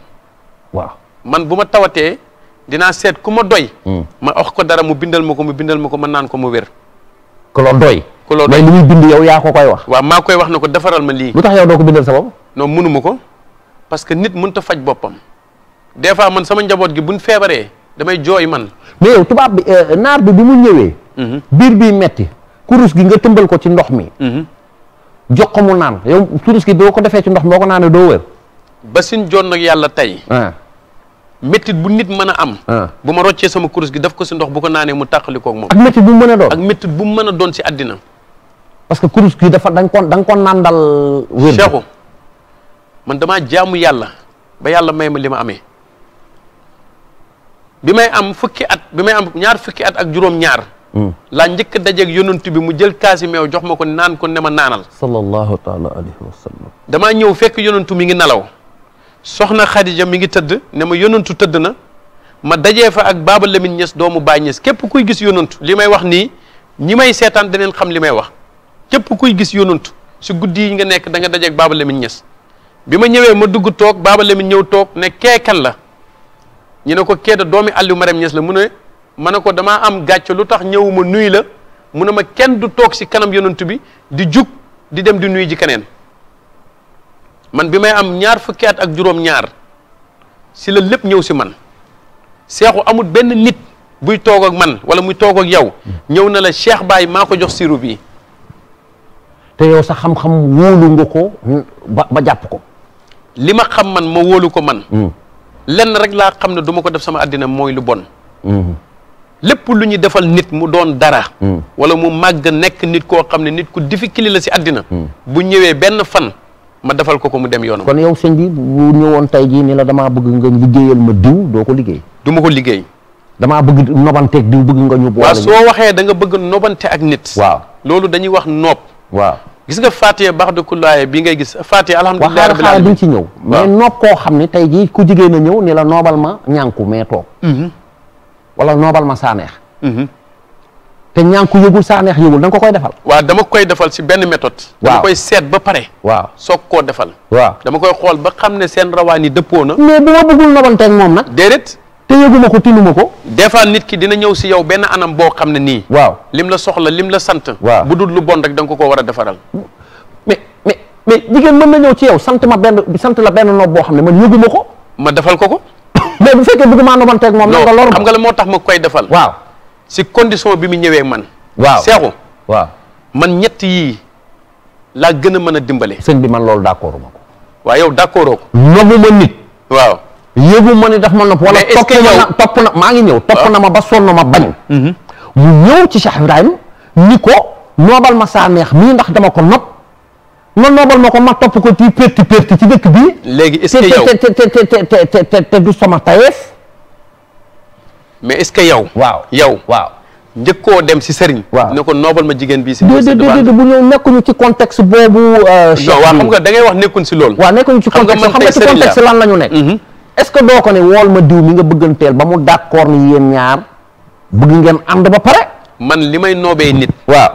waaw man bu ma tawatee dinaa seet ku ma doy hmm. ma wax ko dara mu bindal ma ko mu bindal ma ko ma naan ko mu wér ku la doy ku la doy mais li muy bind yow yaa ko koy wax waa maa koy wax na ko defaral ma lii lu tax yow doo ko bindal sa bopp non mënuma ko parce que nit mënut faj boppam des fois man sama njaboot gi bu buñ feebaree damay jooy man. mais yow tubaab bi euh, naar bi bi mu ñëwee. Mhm. biir bi metti kurus gi nga tëmbal ko ci ndox mi. Mhm. jox ko mu naan yow kurus gi boo ko defee ci ndox boo ko naanee doo wër. ba sin joon nag yàlla tey. Ah. méttit bu nit mën a am. Ah. bu ma roccee sama kurus gi daf ko si ndox bu ko naanee mu tàqali koog moom. ak méttit bu mu mën a doon ak méttit bu mu mën a doon si àddina. parce que kurus gi dafa da nga ko da nga ko naan dal. wér man damaa jaamu yàlla ba yàlla may ma li ma amee. bi may am fukki at bi may am ñaar fukki at ak juróom-ñaar. Hmm. laa njëkk a yonantu bi mu jël kaasi meew jox ma ko naan ko ne ma naanal. sallallahu taala damaa ñëw fekk yonent mi ngi nelaw soxna Khadija mi ngi tëdd ne ma yonentu tëdd na ma dajee fa ak Baaba Lamine Niass doomu Baay Niass képp kuy gis yonantu li may wax nii ñi may seetaan daneen xam li may wax képp kuy gis yonentu si guddi yi nga nekk danga nga Baaba Lamine Niass bi ma ñëwee ma dugg toog Baaba Lamine ñëw toog ne keekal la. ñu ne ko keeta doomi Aliou Marème Niass la mu ne ma ne ko damaa am gàcc lu tax ñëwuma nuyu la mu ne ma kenn du toog si kanam yonent bi di jug di dem di nuyu ji keneen man bi may am ñaar fukki at ak juróom-ñaar si la lépp ñëw si man seexu amut benn nit buy toog ak man wala muy toog ak yow ñëw na la Cheikh Baye maa ko jox siiru bi te yow sa xam-xam wóolu nga ko ba jàpp ko. li ma xam man ma woolu ko man. Hmm. lenn rek laa xam ne duma ko def sama àddina mooy lu bon mhm. lépp lu ñu defal nit mu doon dara mhm. wala mu màgg nekk nit koo xam ne nit ku difficile la si àddina mhm. bu ñëwee benn fan ma defal ko ko mu dem yoonam kon yow sëñ bi bu ñëwoon tey jii ni la damaa bëgg nga liggéeyal ma diw doo ko liggéey du ma ko liggéey damaa bëgg nobanteeg diw bëgg nga ñu boole waaw soo waxee da nga bëgg nobante ak nit waaw loolu dañuy wax noob waaw gis nga faate Fatiha de kullaaya bi ngay gis faate Fatiha alhamdulilah rabbil alamin duñ ci ñëw mais noob koo xam ne tey jii ku jigéen ñëw ni la noobal ma ñànku mais toog mhm. wala noobal ma sànneex mhm. te ñànku yëgul saaneex yëgul da ko koy defal waa dama koy defal si benn méthode dama koy seet ba pare waaw soog koo defal waaw dama koy xool ba xam ne seen rawaan yi dëppoo na mais bu ma bëggul nobanteeg moom nag te yëguma ko tinuma ko des fois nit ki dina ñëw si yow benn anam boo xam ne nii waaw lim la soxla lim la sant waaw bu dul lu bon rek da ko ko war a defaral mais mais mais jigéen mën na ñëw ci yow sant ma benn sant la benn noob boo xam ne man yëguma ko ma defal ko ko mais bu fekkee bëgg maa teg moom na nga lor xam nga la moo tax koy defal waaw si condition bi mu ñëwee man waaw seexu waaw man ñett yii laa gën a mën a dimbale sëñ bi man loolu d' accord ma ko waaw yow d' ko nobuma nit waaw yëgu ma ni daf ma nopp wala topp na topp na maa ngi ñëw topp na ma ba sonn ma bañ mm-hmm. mu ñëw ci Cheikh Ibrahima ni ko noobal ma saa neex mii ndax dama ko nopp na noobal ma ko ma topp ko ci perti perti ci dëkk bi léegi est-ce que te te te te te du sama tayeef mais est-ce que yow waaw yow waaw njëkkoo dem si sëriñ waaw ne ko noobal ma jigéen bii si déedéet bu ñëw nekkuñu ci contexte boobu euh, waaw xam nga da ngay wax nekkuñ si loolu lan la ñu nekk mm-hmm. est-ce que doo ko ne wool ma diw mi nga bëgganteel ba mu d'accord ni yéen ñaar bëgg ngeen ànd ba pare. man li may noobee nit. waaw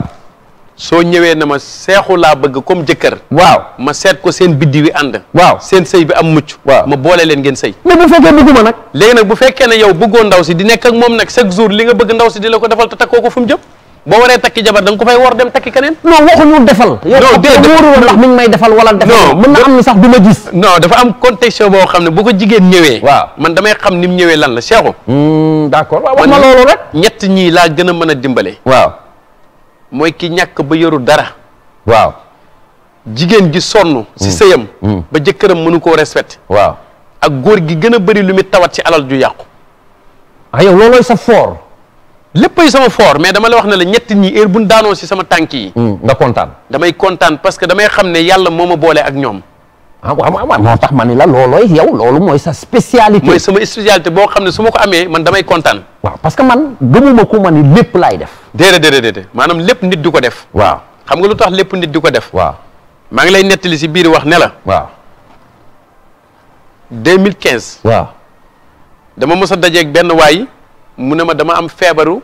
soo ñëwee na ma seexu laa bëgg comme jëkkër. waaw ma seet ko seen biddi wi ànd. waaw seen sëy bi am mucc. waaw ma boole leen ngeen sëy. mais bu fekkee bëgguma nag. léegi nag bu fekkee na yow bëggoo ndaw si di nekk ak moom nag chaque jour li nga bëgg ndaw si di la ko defal te takkoo ko fu mu jëm. boo waree takki jabar da nga ko fay war dem takki keneen. non waxuñu defal. non déedéet yow wóorul ndax mi ngi may defal walla defal mën na am ni sax du ma gis. non dafa am contexte boo xam ne boo ko jigéen ñëwee. waaw man damay xam ni mu ñëwee lan la seexu. Hmm, d' accord waaw wax ma loolu rek. ñett ñii laa gën a mën a dimbale. waaw mooy ki ñàkk ba yoru dara. waaw jigéen ji sonn. si hmm. sëyam. Hmm. ba jëkkëram mënu koo respecté. waaw ak góor gi gën a bëri lu muy tawat ci alal ju yàqu. ah yow sa fort. léppay sama fort mais dama la wax ne la ñett ñi heure buñ daanoo si sama tànk yi. Hmm, nga kontaan. damay kontaan parce que damay xam ne yàlla moo ma boole ak ñoom. ah waaw waaw moo tax man ni la loolooy yow loolu mooy sa spécialité. mooy sama spécialité boo xam ne su ma ko amee man damay kontaan. waaw parce que man gëmuma ko ma ni lépp laay def. déedéet déedéet déedéet maanaam lépp nit du ko def. waaw xam nga lu tax lépp nit du ko def. waaw maa ngi lay nettali si biir wax ne la. waaw. 2015. waaw dama mës a dajeeg benn waay. mu ne ma dama am feebaru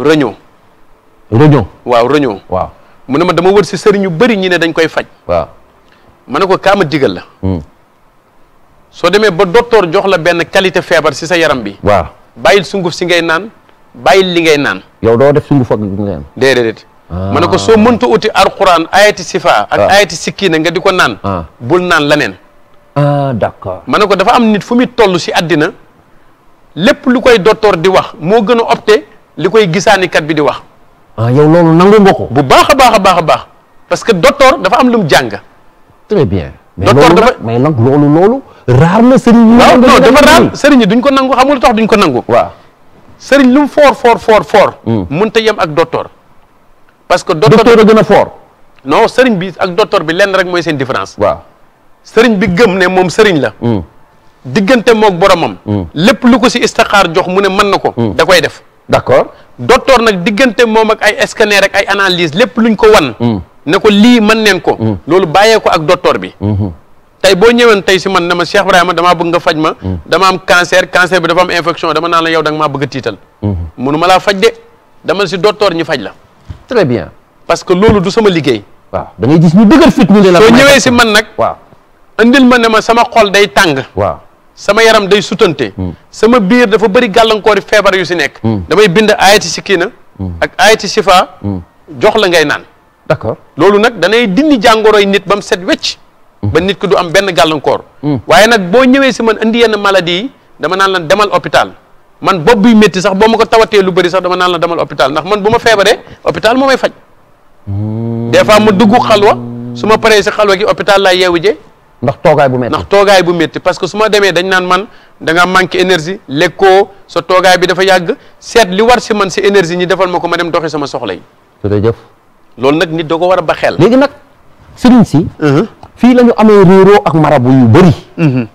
rëñoo. rëñoo waaw rëñoo. waaw mu ne ma dama wër si sëriñ yu bëri ñi ne dañ koy faj. waaw ma ne ko kaama digal la. Hmm. soo demee ba docteur jox la benn qualité feebar si sa yaram bi. waaw bàyyil sunguf si ngay naan bàyyil li ngay naan. yow doo def sunguf ak ah. ma ne ko soo mënta uti alxuraan ayati sifa ak ah. ayati sikkiina nga di ko naan. Ah. bul naan leneen. ah d'accord. ma ne ko dafa am nit fu muy toll si àddina. lépp lu koy docteur di wax moo gën a opté li koy gisaanikat bi di wax. ah yow loolu nangu nga ko. bu baax a baax a baax a baax parce que docteur dafa am lu mu jàng. très bien. docteur dafa mais nag loolu loolu. raar na sëriñ yi. waaw non dafa duñ ko nangu xamul tax duñ ko nangu. waaw sëriñ lu mu fort fort fort fort. mënut yem ak docteur. parce que docteur docteur a gën a foor non sëriñ bi ak docteur bi lenn rek mooy seen différence. waaw sëriñ bi gëm ne moom sëriñ la. Hmm. diggante moog boromam. Hmm. lépp lu ko si istixaar jox mu ne mën na ko. Hmm. da koy def. d'accord docteur nag diggante moom ak ay scanner rek ay analyse lépp lu ñu ko wan. Hmm. ne ko lii mën neen ko. loolu bàyyeeko ak docteur bi. tey boo ñëween tey si man ne ma Cheikh Ibrahima damaa bëgg nga faj ma. dama am cancer cancer bi am infection dama naan la yow da nga bëgg a mënu ma laa faj de dama si docteur ñu faj la. très bien. parce que loolu du sama liggéey. waaw da ngay gis ñu la. soo ñëwee si man nag. waaw indil ma ne ma sama xol day tàng. waaw. sama yaram day sutante hmm. sama biir dafa bëri gàllankoori feebar yu si nekk hmm. damay bind ayati sikina hmm. ak ayati sifa jox la ngay naan d'accord loolu nag danay dindi jàngoroy nit ba mu set wecc ba nit ku du am benn gàllankoor waaye nag boo ñëwee si man indi yenn maladie yi dama naan lan demal hôpital man bopp buy métti sax boo ma ko tawatee lu bëri sax dama naan la demal hôpital ndax man bu ma feebaree hôpital moo may faj des fois ma dugg xalwa su ma paree si xalwa gi hôpital laay yeewu jee ndax toogaay bu métti ndax toogaay bu métti parce que su ma demee dañ naan man danga nga manqué énergie lekkoo sa toogaay bi dafa yàgg seet li war si man si énergie ñi defal ma ko ma dem doxi sama soxla yi su dee loolu nag nit da ko war a ba xel léegi nag sëriñ si uh-huh. fii lañu amee réeroo ak marabu yu bëri uh-huh.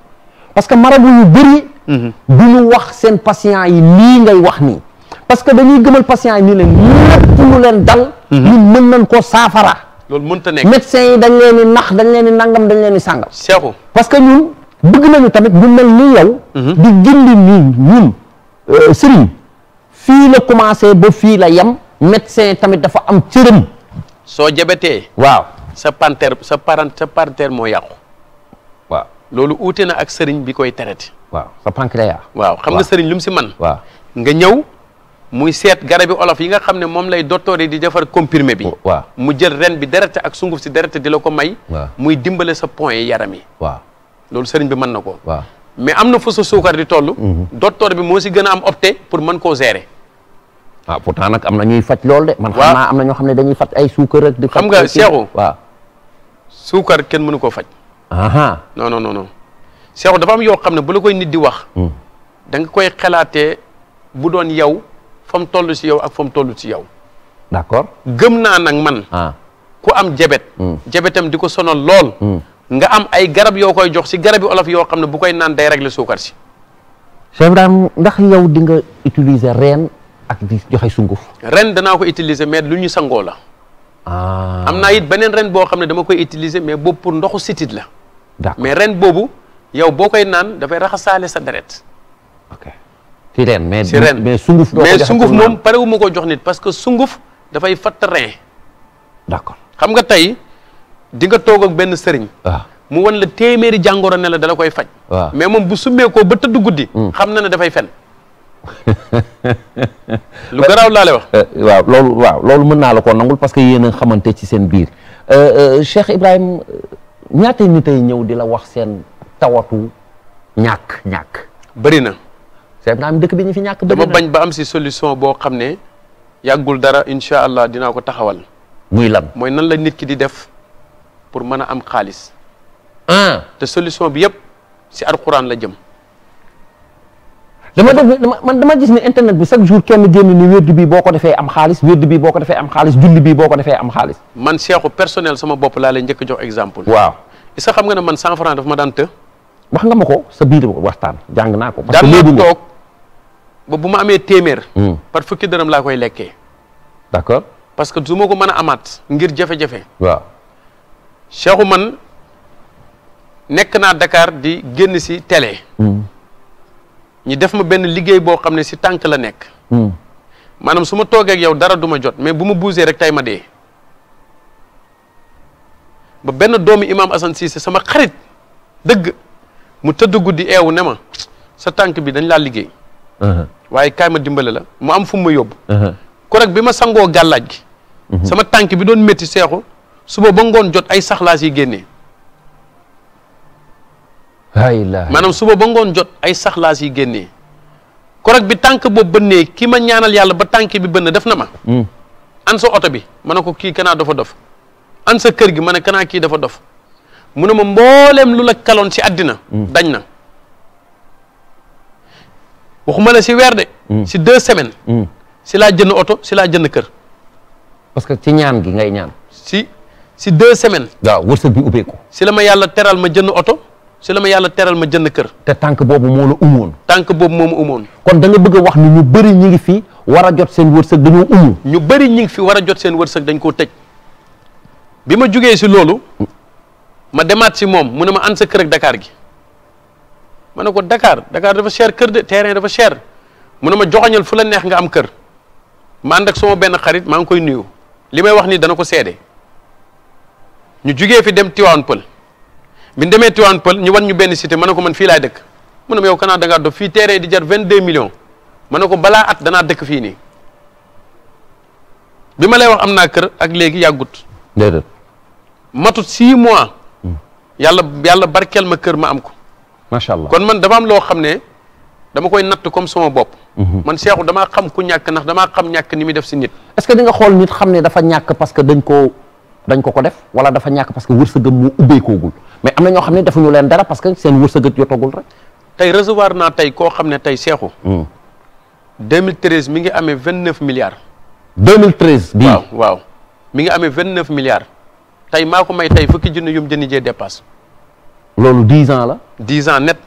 parce que marabu yu bëri uh-huh. du ñu wax seen patient yi lii ngay wax nii parce que dañuy gëmal patient yi nii leen lépp lu leen dal ñun mën nañ koo saafara loolu mënta nekk médecins yi dañ leen di dañ leen di nangam dañ leen di sàngal seexu parce que ñun bëgg nañu tamit ñu mel ni yow mhm. di gindi nii ñun euh, sëriñ fii la commencé ba fii la yem médecin tamit dafa am cërëm soo jebetee waaw sa panter sa parent sa moo yàqu waaw loolu uute na ak sëriñ bi koy traité waaw sa pancréas waaw xam nga sëriñ lu mu si man waaw nga ñëw muy seet garabi olof yi nga xam ne moom lay docteur yi di defar comprimé bi. waaw mu jël ren bi deret ak sunguf si deret di la ko may. muy dimbale sa point yaram yi. waaw loolu sëriñ bi mën na ko. waaw mais am na fu sa suukar di toll. Mhm. docteur bi moo si gën a am opté pour mën koo gérer. ah pourtant nag am na ñuy faj lool de. man xam am na ñoo xam ne dañuy faj ay suukar ak. di xam nga seexu waaw. suukar kenn mënu koo faj. non non non non seexu dafa am yoo xam ne bu la koy nit di wax. Hmm. da nga koy xalaatee bu doon yow. fa mu toll si yow ak fa mu toll si yow. d'accord gëm naa nag man. Ah. ku am jabet. Hmm. jabetam di ko sonal lool. Hmm. nga am ay garab yoo koy jox si garabi olof yoo xam ne bu koy naan day régler suukar si. Cheikh Ibrahima ndax yow di nga utiliser reen ak di joxe sunguf. ren danaa ko utiliser mais lu ñu sangoo la. Ah. am naa it beneen ren boo xam ne dama koy utiliser mais boobu pour ndoxu sitit la. mais ren boobu yow boo koy naan dafay raxasaale sa deret. ci ren mais ci mais sunguf. mais sunguf moom pare wu ma ko jox nit parce que sunguf dafay fatt rein. d'accord xam nga tey di nga toog ak benn sëriñ. Ah. mu wan la téeméeri jàngoro ne la dala koy faj. Ah. mais moom bu summee ko ba tëdd guddi. Hmm. xam na ne dafay fen lu garaaw laa lay wax. Euh, euh, waaw loolu waaw loolu mën naa la ko nangul parce que yéen a xamante ci seen biir euh, Cheikh Ibrahim ñaata nit ay ñëw di la wax seen tawatu ñàkk ñàkk. bëri na. Cheikh Ibrahima dëkk bi ñu fi ñàkk. dama bañ ba am si solution boo xam ne yàggul dara incha allah dinaa ko taxawal. muy lam mooy nan la nit ki di def pour mën a am xaalis. ah te solution bi yëpp si alquran la jëm. dama def dama man dama gis ne internet bi chaque jour kenn génn ni wérdu bi boo ko defee am xaalis wérdu bi boo ko am xaalis julli bi boo ko defee am xaalis. man seexu personnel sama bopp laa lay njëkk jox exemple. waaw sa ce xam nga ne man 100 francs daf ma daan të. wax nga ma ko sa biir waxtaan jàng naa ko. parce que léegi ba bu ma amee téeméer. Hmm. par fukki dërëm laa koy lekkee. d'accord parce que duma ko mën a amaat ngir jafe-jafe. waaw Cheikhou man nekk naa Dakar di génn si télé. Hmm. ñu def ma benn liggéey boo xam ne si tànk la nekk. Hmm. maanaam su ma toogee yow dara duma jot mais bu ma buusee rek tey ma dee. ba benn doomu imaam Assane Cissé sama xarit dëgg mu tëdd guddi eewu ne ma sa tànk bi dañ laa liggéey. Uh-huh. waaye kaay ma dimbale la mu am fu ma yóbbu uh-huh. ko rek bi ma sangoo gàllaaj gi uh-huh. sama tànk bi doon metti seexu suba ba ngoon jot ay saxlaas yi génnee ayla maanaam suba ba jot ay saxlaas yi génnee ko bi tànk boobu bënnee ki ma ñaanal yàlla ba tànk bi bënn def na ma hmm. an sa oto bi ma ne ko kii kanaa dafa dof an sa kër gi ma ne kanaa kii dafa dof mu ne ma mbooleem lu la kaloon ci àddina hmm. dañ na waxuma la si weer de. Mm. si deux semaine mm. si laa jënd oto si laa jënd kër. parce que ci ñaan gi ngay ñaan. si si deux semaines. waaw wërsëg bi ubbeeku. si la ma yàlla teral ma jënd oto si la ma yàlla teral ma jënd kër. te tànk boobu moo la umoon. tànk boobu moo ma umoon. kon da nga bëgg a wax ni ñu bëri ñi ngi fi war a jot seen wërsëg dañoo umu. ñu bëri ñi ngi fi war a jot seen wërsëg dañ koo tëj bi ma jugee si loolu ma demaat si moom mun ne ma an sa kër ak Dakar gi. ma ne ko dakaar Dakar dafa cher kër de terrain dafa cher mu a ma joxoñal fu la neex nga am kër ma ànd ak sama benn xarit maa ngi koy nuyu li may wax nii dana ko seede ñu jugee fi dem Tivaouane Pël bi ñu demee Tivaouane Pël ñu wan ñu benn cité ma ne ko man fii laay dëkk mu ne ma yow kanaa da ngaa dof fii terrain di jar vingt deux millions ma ne ko balaa at danaa dëkk fii nii bi ma lay wax am naa kër ak léegi yàggut matu matut six mois hmm. yàlla yàlla barkeel ma kër ma am ko macha allah kon man dama am loo xam ne dama koy natt comme sama bopp. Mhm. man seexu damaa xam ku ñàkk nax damaa xam ñàkk ni muy def si nit. est-ce que di nga xool nit xam ne dafa ñàkk parce que dañ koo dañ ko ko def wala dafa ñàkk parce que wërsëgam mu ubbeekoogul mais am na ñoo xam ne ñu leen dara parce que seen wërsëgat yotagul rek. tey recevoir naa tey koo xam ne tey seexu. 2013 hmm. mi ngi amee 29 milliards. 2013. bii waaw waaw mi ngi amee 29 milliards. tey maa ko may tey fukki junni yum jëndi jee dépasse. loolu dix ans la. dix ans net.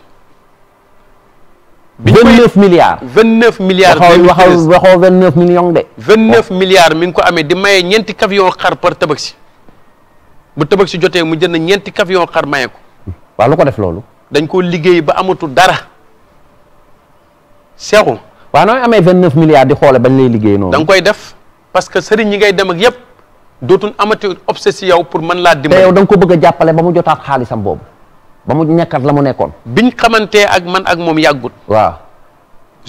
bi ñu koy vingt neuf milliards. vingt neuf milliards waxoo waxoo vingt neuf de. vingt neuf milliards mi ngi ko amee di maye ñeenti camion xar par tabaski bu tabaski jotee mu jën jënd ñeenti camion xar maye ko. waaw lu ko def loolu. dañ koo liggéey ba amatu dara. seexu. waaw nooy amee vingt neuf milliards di xoole bañ lay liggéey noonu. da nga koy def parce que sëriñ ñi ngay dem ak yëpp dootuñ amati obsession yow pour mën laa dimbali. te yow da ko bëgg jàppale ba mu jotaat xaalisam boobu. ba mu ñàkkat la mu nekkoon biñ xamante ak man ak moom yàggut waaw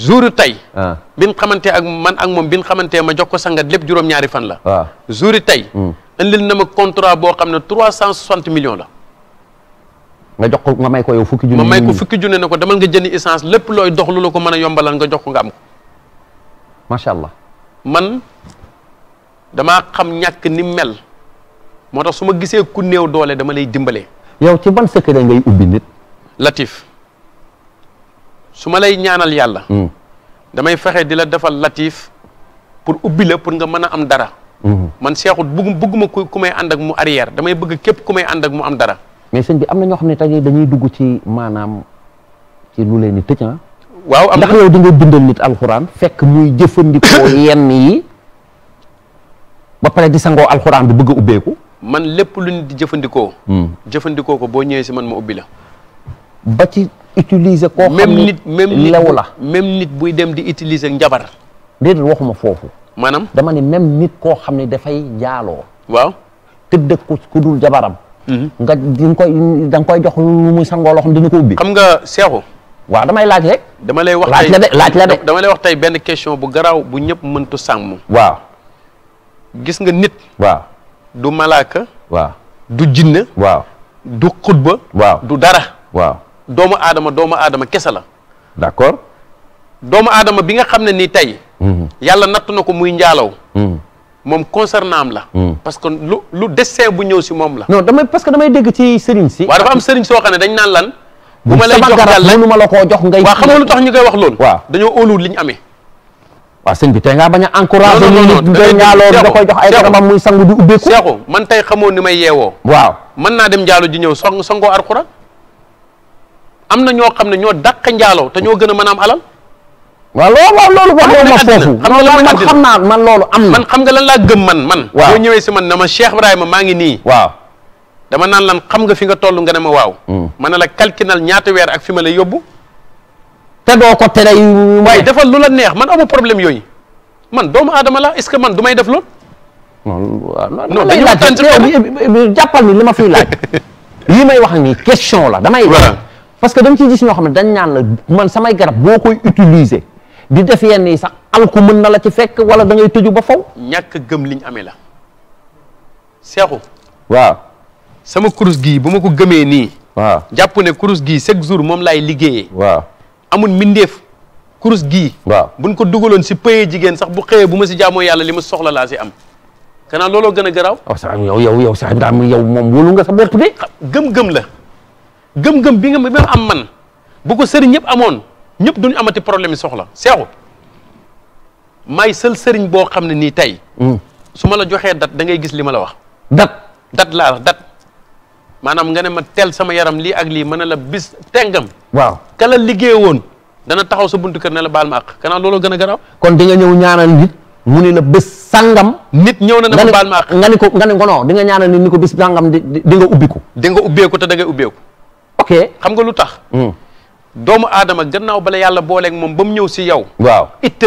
jouru tey ah. biñ xamante ak man ak moom biñ xamantee ma jox ko sangat lépp juróom-ñaari fan la waaw jouri tey indil hmm. na ma contrat boo xam ne trois cent soixante millions la nga jox ko nga may ko yow fukki junne ma may ko fukki junne ne ko demal nga jëndi essence lépp looy dox lu la ko mën a yombalal nga jox ko nga am ko macha allah man dama xam ñàkk ni mel moo tax su ma gisee ku néew doole dama lay dimbale yow ci ban secret ngay ubbi nit. latif su ma lay ñaanal yàlla. Hmm. damay fexe di la defal latif pour ubbi la pour nga mën a am dara. Hmm. man seexut bëggu bëgguma ku may ànd ak mu arrière damay bëgg képp ku may ànd ak mu am dara. mais sëñ bi am na ñoo xam ne tey dañuy dugg ci maanaam ci lu leen di tëj ah. waaw am ndax yow di nga bindal nit alxuraan. fekk muy jëfandikoo yenn yi ba pare di sangoo alxuraan bi bëgg a ubbeeku. man lépp lu nit di jëfandikoo. Hmm. jëfandikoo ko boo ñëwee si man ma ubbi la. ba ci utiliser. koo xam ne lew la même nit buy dem di utiliser njabar. déedéet waxuma foofu. maanaam dama ne même nit koo xam ne dafay jaaloo. waaw tëdd ku ku dul jabaram. Hmm. nga di nga koy koy jox lu muy sangoo loo xam dina ko ubbi. xam nga seexu. waaw damay laaj rek. dama lay wax la de laaj la de. dama lay wax tey benn question bu garaaw bu ñëpp mëntu sàmm. waaw. gis nga nit. waaw. du malaaka waaw du jinne waaw du xutba du dara waaw doomu aadama doomu aadama kese la d'accord doomu aadama bi nga xam ne nii tey mhm. yàlla natt na ko muy njaalaw mhm. moom concernant am la mhm. parce que lu lu bu ñëw si moom la non damay parce que damay dégg ci sëriñ si waaw dafa am sëriñ soo xam ne dañ naan lan bu ma lay jox yàlla mënu ma la jox ngay waa xam lu tax ñu koy wax loolu waaw dañoo óoluwul li ñu amee waa sëñ bi tey ngaa bañ a encouragé nit nit ngay ñaaloo da koy jox man tey xamoo ni may yeewoo waaw mën naa dem njaalo ji ñëw song sangoo alxuraan am na ñoo xam ne ñoo dàq njaaloo te ñoo gën a mën a am alal waaw loolu man xam am na man xam nga lan laa gëm man man boo ñëwee si man na ma Cheikh Ibrahima maa ngi nii waaw dama naan lan xam nga fi nga toll nga ne ma waaw mm. ma ne la calculal ñaata weer ak fi ma lay yóbbu te doo ko tere yu. defal lu la neex man amu problème yooyu man doomu aadama la es ce que man du def loolu. non dañu ma tànn jàppal ni li ma fiy laaj li may wax nii question la damay. parce que dama ciy gis ñoo xam ne dañ ñaan la man samay garab boo koy utiliser di def yenn yi sax alku mën na la fekk wala da ngay tëju ba faw ñàkk gëm liñ amee la. seexu waaw sama kurus gii bu ma ko gëmee nii. waaw jàpp ne kurus gi chaque jour moom laay liggéeyee. waaw. amul mbindeef kurus gii. waaw buñ ko dugaloon si pëye jigéen sax bu xëyee bu ma si jaamoo yàlla li ma soxla laa si am. kanaan looloo gën a garaaw. waaw oh, sax yow yow yow sax daal yow moom wóolu nga sa bopp de. gëm-gëm la gëm-gëm bi nga ma am man bu ko sëriñ yëpp amoon ñëpp duñu amati problème yi soxla seexu may sël sëriñ boo xam ne nii tey. Hmm. su ma la joxee dat da ngay gis li ma la wax. dat dat laa dat. maanaam nga ne ma teel sama yaram lii ak lii mën na la bis tengam. waaw ka kala liggéey woon dana taxaw sa buntu kër ne la baal ma ak kanaa looloo gën a garaaw. kon di ñëw ñaanal nit mu ne la bés sangam. nit ñëw na ne ma baal ma ak nga ni ko nga ni ko non di nga ñaanal nit ni ko bis sangam dinga di nga ubbiku. di nga ubbeeku te da ngay ubbeeku. ok xam nga lu tax. Hmm. doomu aadama gannaaw bala yàlla booleek moom ba mu ñëw si yow. waaw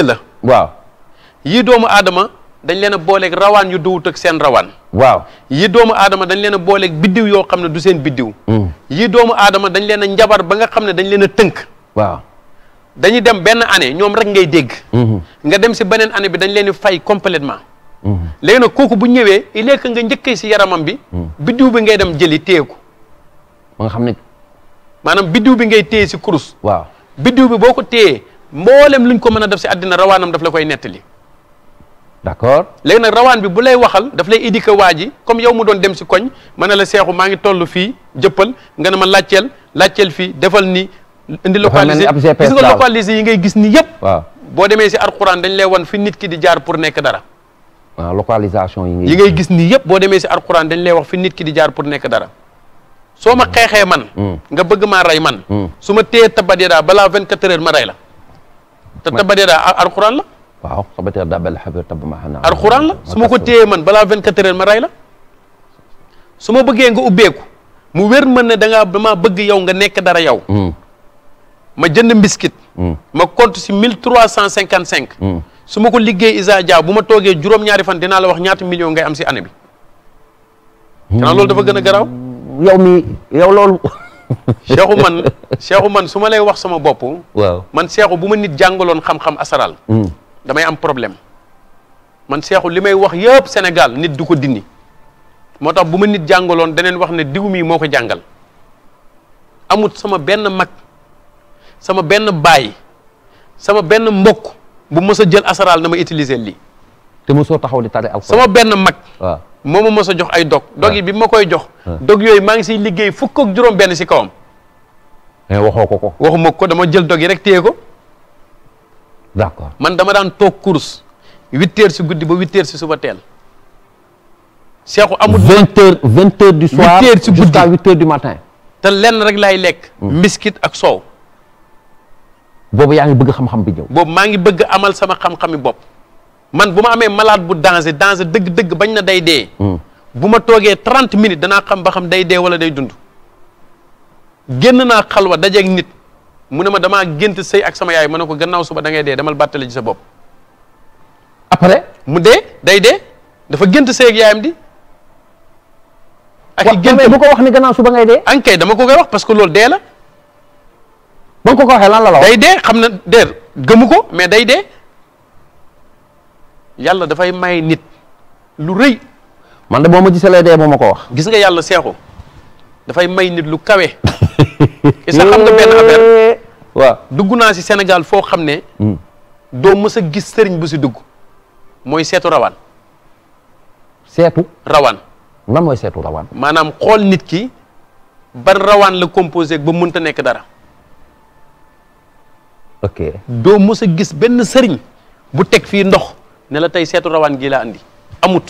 la. waaw yii doomu aadama dañ leen a booleeg rawaan yu duwut ak seen rawaan. waaw yi doomu aadama dañ leen a booleeg biddiw yoo xam ne du seen biddiw mm. yi doomu aadama dañ leen a njabar ba nga xam ne dañ leen a tënk waaw dañuy dem benn année ñoom rek ngay dégg mm-hmm. nga dem si beneen année bi dañ leen fay complètement mm-hmm. léegi nag kooku bu ñëwee il est que nga njëkkee si yaramam bi mm. biddiw bi ngay dem jël téye ko ba xam ne maanaam biddiw bi ngay téye si kurus waaw biddiw bi boo ko téyee mboolem luñ ko mën a def si àddina rawaanam daf la koy nettali d'accord léegi nag rawaan bi bu lay waxal daf lay indi que waa ji comme yow mu doon dem si koñ ma ne la seexu maa ngi tollu fii jëppal nga ne ma laajteel laajteel fii defal nii indi localisé gis nga localisé yi ngay gis ni yëpp boo demee si alquran dañ lay wan fi nit ki di jaar pour nekk dara waaw localisation yi ngay gis nii yëpp boo demee si alquran dañ lay wax fi nit ki di jaar pour nekk dara soo ma hmm. xeexee man hmm. nga bëgg maa rey man hmm. su ma téye tabadeedaa balaa vingt quatre heures ma rey la te tabadeedaa alquran la waaw sabateer daabel xabir tabb ma xanaa alxuraan la su ma ko téyee man bala 24 heures ma rey la su ma bëggee nga ubbeeku mu wér man ne da ngaa damaa bëgg yow nga nekk dara yow hmm. ma jënd mbiskit hmm. ma compte si mille trois cent cinquante cinq hmm. su ma ko liggéey Isa Dia bu ma toogee juróom-ñaari fan dinaa la wax ñaati million ngay am si année bi loolu dafa gën a garaaw yow mi yow loolu cheikhu man cheikhu man su ma lay wax sama bopp man cheikhu bu ma nit jàngaloon xam-xam asaral damay am problème man seexu li may wax yëpp Sénégal nit du ko dindi moo tax bu ma nit jàngaloon daneen wax ne diw mii moo ko jàngal amut sama benn mag sama benn baay sama benn mbokk bu mës a jël asaraal na ma utiliser lii. te soo taxaw di tare ak sama benn mag. moo ma mës a jox ay dog. dog yi bi ma koy jox. dog yooyu maa ngi siy liggéey fukk ak juróom benn si kawam. mais eh, waxoo ko ko. waxuma ko dama jël dog yi rek téye ko. d'accord man dama daan toog course huit heures si guddi ba huit si suba teel. seexu amul vingt heures vingt du soir huit heures si guddi jusqu'à du matin. te lenn rek laay lekk. mbiskit hmm. ak soow. boobu yaa ngi bëgg xam-xam bi ñëw. boobu maa ngi bëgg amal sama xam-xami bopp. man bu ma amee malaat bu danger danger dëgg-dëgg bañ na day dee. Hmm. bu ma toogee trente minutes danaa xam ba xam day dee wala day dund. génn naa xalwa dajeeg nit. mun ne ma damaa gént sëy ak sama yaay ma ne ko gannaaw suba da ngay dee demal bàttale ji sa bopp après mu dee day dee dafa gént sëy ak yaayam di ak gént bu ko wax ni gannaaw suba ngay dee an kay dama ko koy wax parce que loolu dee la ko ko waxee lan la la day dee xam na dee gëmu ko mais day dee yàlla dafay may nit lu rëy man de boo ma gisalee dee bu ma ko wax gis nga yàlla seexu dafay may nit lu kawe. isa xam nga benn affaire eh. waaw dugg naa si Sénégal foo xam ne. Hmm. doo mës a gis sëriñ bu si dugg mooy seetu rawaan. seetu rawaan. lan mooy seetu rawaan. maanaam xool nit ki ba rawaan la composé ba ta nekk dara. ok doo mës a gis benn sëriñ bu teg fii ndox ne la tey seetu rawaan gi laa indi amut.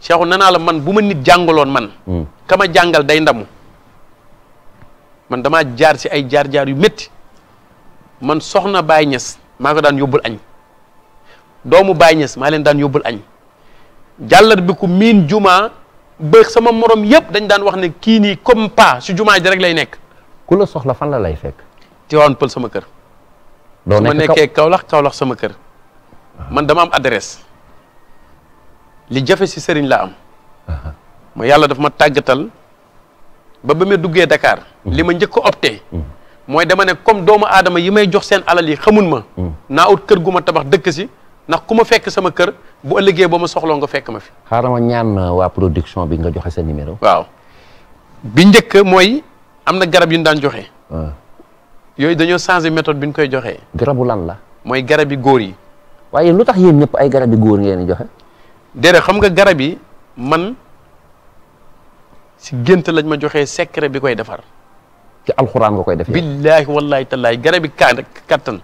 Cheikh nee naa la man bu ma nit jàngaloon man. Hmm. ka jàngal day ndamu. man damaa jaar si ay jaar-jaar yu metti man soxna baay Niass maa ko daan yóbbul añ doomu Baye Niass maa leen daan yóbbul añ jàllar bi miin jumaa ba sama moroom yëpp dañ daan wax ne kii nii comme pas si jumaa ji rek lay nekk. ku la soxla fan la lay fekk. Tivaouane Pël sama kër. doo nekkee Kaolack Kaolack sama kër. Ah. man dama am adresse. li jafe si sëriñ la am. Ah. ma yàlla daf ma tàggatal. ba ba ma duggee dakaar mm. li ma njëkk opte mm. mooy dama ne comme doomu aadama yi may jox seen alal yi xamun ma. Mm. naa ut kër gu ma tabax dëkk si ndax ku ma fekk sama kër bu ëllëgee ba ma soxloo nga fekk ma fi. xaaral ma ñaan waa production bi nga joxe sa numéro. waaw bi njëkk mooy am na garab yu ñu daan joxe. Ah. yooyu dañoo changé méthode bi ñu koy joxee. garabu lan la. mooy garab yi góor yi. waaye lu tax yéen ñëpp ay garab yi góor ngeen joxe. déedéet xam nga garab yi man. si gént lañ ma joxee secret bi koy defar. ci alxuraan nga koy defee. billaahi wallaahi tallaahi garabi kaan kattan.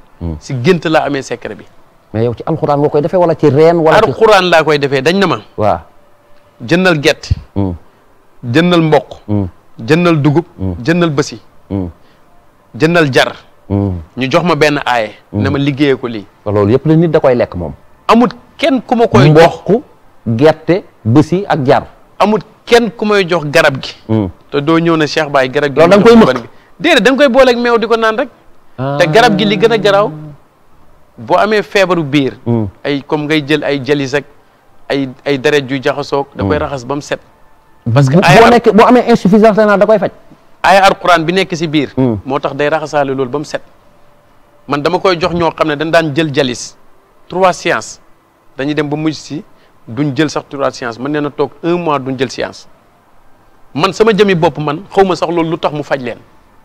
si hmm. gént laa amee secret bi. mais yow ci alxuraan nga koy defee wala ci reen. wala ci alxuraan laa koy defee dañ na ma. waaw jëndal gerte. Hmm. jëndal mboq. Hmm. jëndal dugub. jëndal bësi. jëndal jar. ñu jox ma benn aaye. na ma liggéeyee ko lii. loolu yëpp la nit da koy lekk moom. amut kenn ku ma koy. jox mboq gerte ak jar. kenn ku may jox garab gi. Mm. te doo ñëw na Cheikh Baye garab gi. loolu koy mëkk déedéet da koy booleeg meew di ko naan rek. te ah. garab gi li gën a garaaw boo amee feebaru biir. Mm. ay comme ngay jël ay jalis ak ay ay deret yu jaxasoog. da koy mm. raxas ba mu set. parce que boo nekk boo amee insuffisance naa da koy faj. ay alquran bi nekk si biir. moo tax day raxasaale loolu ba mu set. man dama koy jox ñoo xam ne dañ daan jël jalis trois séances dañuy dem ba mujj si. duñ jël sax tuuraat science mën neena toog un mois duñ jël science man sama jëmi bopp man xaw ma sax loolu lu tax mu faj leen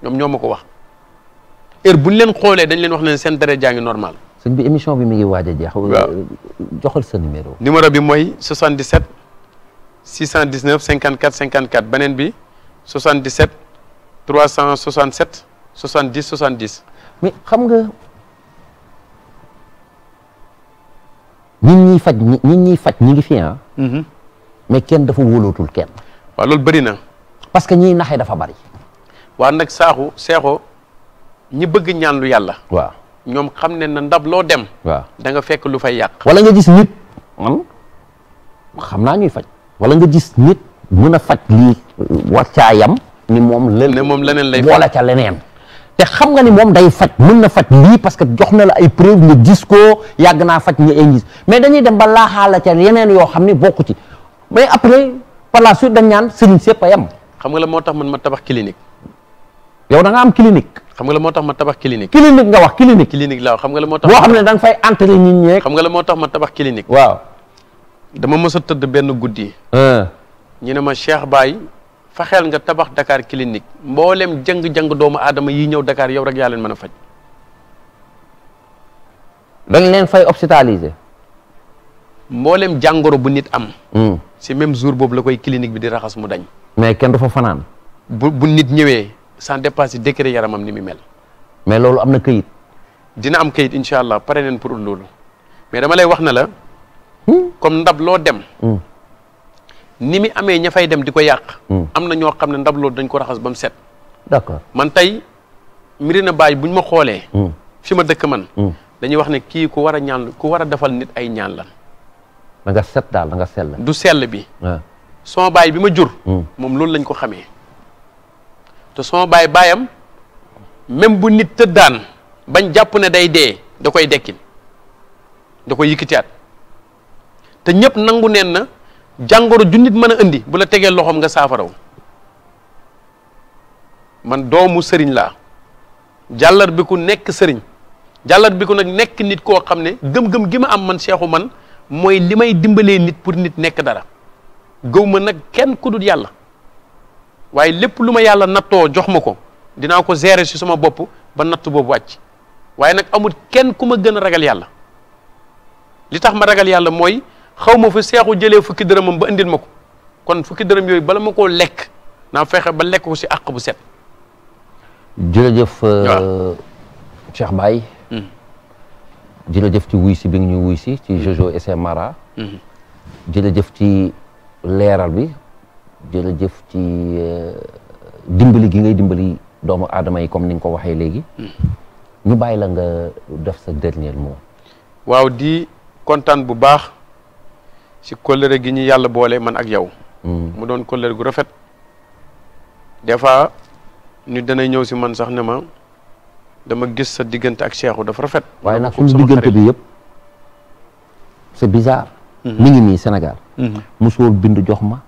ñoom ñoo ma ko wax bu buñ leen xoolee dañ leen wax leen seen deret jaa ngi normal. sëñ bi émission bi mi ngi waaj a jeex. waaw euh, joxal sa numéro. numéro bi mooy 77 619 54 54 beneen bi 77 367 70 70. mais xam nga. ñun ñiy faj ñun ñiy faj ñi ngi fi ah. Mm-hmm. mais kenn dafa wóolootul kenn. waaw loolu bëri na. parce que ñiy naxee dafa bari. waa nag saaxu seexoo ñi bëgg ñaan lu yàlla. waaw ñoom xam ne na ndab loo dem. waaw da nga fekk lu fay yàq. wala nga gis nit man xam naa ñuy faj. wala nga gis nit mën a faj lii war yam ni moom leneen moom leneen lay boole ca leneen. te xam nga ni moom day faj mën na faj lii parce que jox na la ay preuve nga gis ko yàgg naa faj ñi ay gis mais dañuy dem ba laa laaxaala ca yeneen yoo xam ni ku ci mais après par la dañ ñaan sëriñ sépp a xam nga la moo tax man ma tabax clinique yow da nga am clinique xam nga moo tax ma tabax clinique clinique nga wax clinique clinique laa xam nga la moo tax boo xam ne da nga fay entrer nit ñi xam nga la moo tax ma tabax clinique waaw dama mës a tëdd benn guddi. ñu ne ma Cheikh Baye fexeel nga tabax dakaar clinique mboolem jëng-jëng doomu adama yi ñëw dakaar yow rek yaa leen mën a faj. dañ leen fay hospitaliser. mboolem jàngoro bu nit am. Hmm. si même jour boobu la koy clinique bi di raxas mu dañ. mais kenn du fa fanaan. bu bu nit ñëwee sans dépasser décret yaramam ni mu mel. mais loolu am na këyit. dina am kayit incha allah pare neen pour loolu mais dama lay wax na la. Hmm. comme ndab loo dem. Hmm. ni mi amee ña fay dem di ko yàq. Hmm. am na ñoo xam ne ndab loolu dañ ko raxas ba set. d'accord man tey Médina Baye buñ ma xoolee. Hmm. fi ma dëkk man. Hmm. dañuy wax ne kii ku war a ñaan ku war a defal nit ay ñaan lan. da set daal nga sell. du sell bi. Ah. sama baay bi ma jur. moom loolu lañ ko xamee. te sama baay baayam même bu nit tëddaan bañ jàpp ne day dee da koy dekkin da koy yëkkatiwaat te ñëpp nangu neen na. jàngoro ju nit mën a indi bu la tegee loxoom nga saafaraw man doomu sëriñ laa jàllar bi ku nekk sëriñ jàllar bi ku nag nekk nit koo xam ne gëm-gëm gi ma am man seexu man mooy li may dimbalee nit pour nit nekk dara gëw ma nag kenn ku dul yàlla waaye lépp lu ma yàlla nattoo jox ma ko dinaa ko gérer si sama bopp ba natt boobu wàcc waaye nag amul kenn ku ma gën a ragal yàlla li tax ma ragal yàlla mooy xaw ma fu seexu jëlee fukki dërëmam ba indil ma ko kon fukki dërëm yooyu bala ma koo lekk naa fexe ba lekk si àq bu set. jërëjëf. Euh, waaw Cheikh Baye. Hmm. jërëjëf ci wuy si bi nga ñu wuy si ci hmm. Jojo et ses Mara. Hmm. ci leeral bi jërëjëf ci euh, dimbali gi ngay dimbali doomu adama yi comme ni ko waxee léegi. ñu bàyyi la nga def sa dernier moom waaw di kontaan bu baax. ci kóllëre gi ñu yàlla boole man ak yow. Mm. mu doon kóllëre gu rafet. des fois ñu danay ñëw si man sax ne ma dama gis sa diggante ak Cheikhou dafa rafet. waaye nag suñu diggante bi yëpp c'est bizarre. Mm-hmm. mi ngi nii Sénégal. Mm-hmm. mosoo bind jox ma.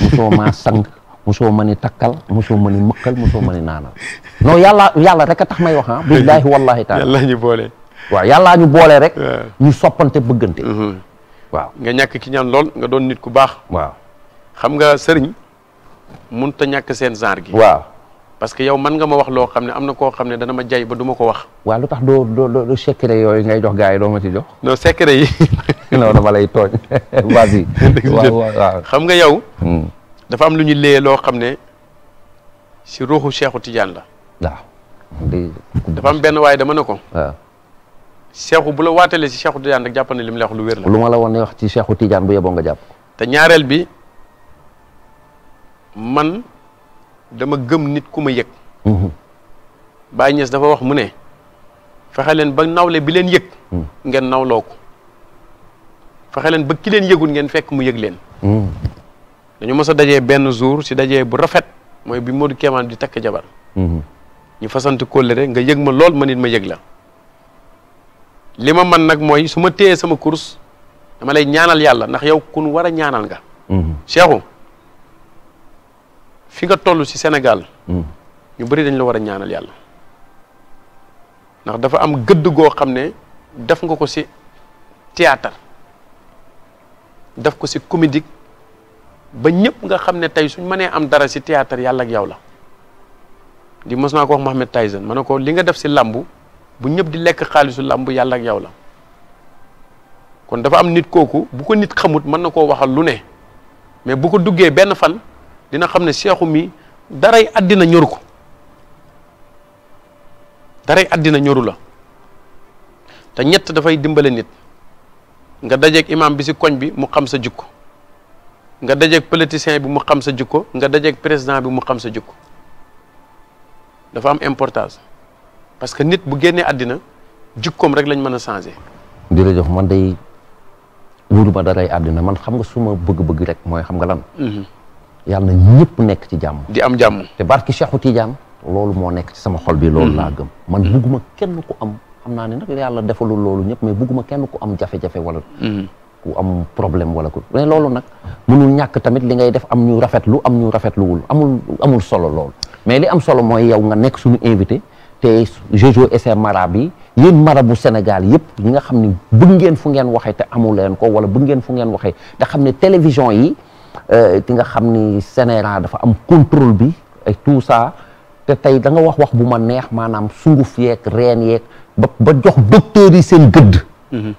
mosoo maa sang mosoo ma ni takkal mu mosoo ma ni mëkkal mosoo ma ni naanal non yàlla yàlla rekk a tax may wax ah. billaahi wallaahi taala yàlla ñu boole. waaw yàllaa ñu boole rek. ñu soppante bëggante. Mm-hmm. waaw nga ñàkk ki ñaan lool nga doon nit ku baax. waaw xam nga sëriñ mun ta ñàkk seen genre gi. waaw parce que yow man nga ma wax loo xam ne am na koo xam ne dana ma jaay ba du ma ko wax. waaw lu tax doo doo yooyu ngay jox gars yi doo ma ci jox. non secret yi. dama lay tooñ. vas-y waaw xam nga yow. Hmm. dafa am lu ñu lee loo xam ne si ruuxu Cheikhu Tidiane la. waaw. dafa am benn waaye dama ne ko. seexu bu la waatalee si seexu Tidiane rek jàpp na li mu la lu wér la. lu ma la woon ne wax ci seexu Tidiane bu yeboo nga jàpp. te ñaareel bi man dama gëm nit ku ma yëg. Mhm. Baye Niass dafa wax mu ne fexe leen ba nawle bi leen yëg. Mhm. ngeen nawloo ko fexe leen ba ki leen yëgul ngeen fekk mu yëg leen. Mhm. dañu mës a dajee benn jour si dajee bu rafet mooy bi Modou kemaan di takk jabar. ñu fasante kóllëre nga yëg ma lool ma nit ma yëg la. li ma man nag mooy su ma téyee sama course dama lay ñaanal yàlla ndax yow kun war a ñaanal nga mhm. Cheikhou fi nga toll ci Sénégal mhm. ñu bari dañ la war a ñaanal yàlla ndax dafa am gëdd goo xam ne def nga ko ci théâtre def ko ci comédique ba ñëpp nga xam ne tey suñ mënee am dara ci théâtre yàlla ak yow la di mos naa ko wax Mohamed Tyson ma ne ko li nga def ci làmbu bu ñëpp di lekk xaalisu làmb yàlla ak yow la kon dafa am nit kooku bu ko nit xamut mën na koo waxal lu ne mais bu ko duggee benn fan dina xam ne seexu mi daray àddina ñoru ko daray àddina ñoru la te ñett dafay dimbale nit nga dajeeg imam bi si koñ bi mu xam sa jikko nga dajeeg politicien bi mu xam sa jikko nga dajeeg président bi mu xam sa jikko dafa am importance parce que nit bu génnee àddina jikkoom rek lañ mën a changé. jërëjëf man day wóoruma daray àddina man xam nga suma bëgg-bëgg rek mooy xam nga lan. Mhm. yàlla na ñëpp nekk ci jàmm. di am jàmm. te barki Cheikhou Tidiane. loolu moo nekk ci sama xol bi. loolu mhm. laa gëm. man mhm. bugguma kenn ku am xam naa ne yàlla defalul loolu ñëpp mais bugguma kenn ku am jafe-jafe wala. ku am problème wala ku mais loolu nag mënul ñàkk tamit li ngay def am ñu rafetlu am ñu rafetluwul amul amul solo loolu mais li am solo mooy yow nga nekk suñu invité. te Jojo et ses marab yi yéen marabu Sénégal yëpp ñi nga xam ne bëgg ngeen fu ngeen waxee te amu leen ko wala bëgg ngeen fu ngeen waxee te xam ne télévision yi euh, ti nga xam ni Sénégal dafa am contrôle bi et tout ça te tey da nga wax wax bu ma neex maanaam sunguf yeeg reen yeeg ba jox docteurs yi seen gëdd mm-hmm.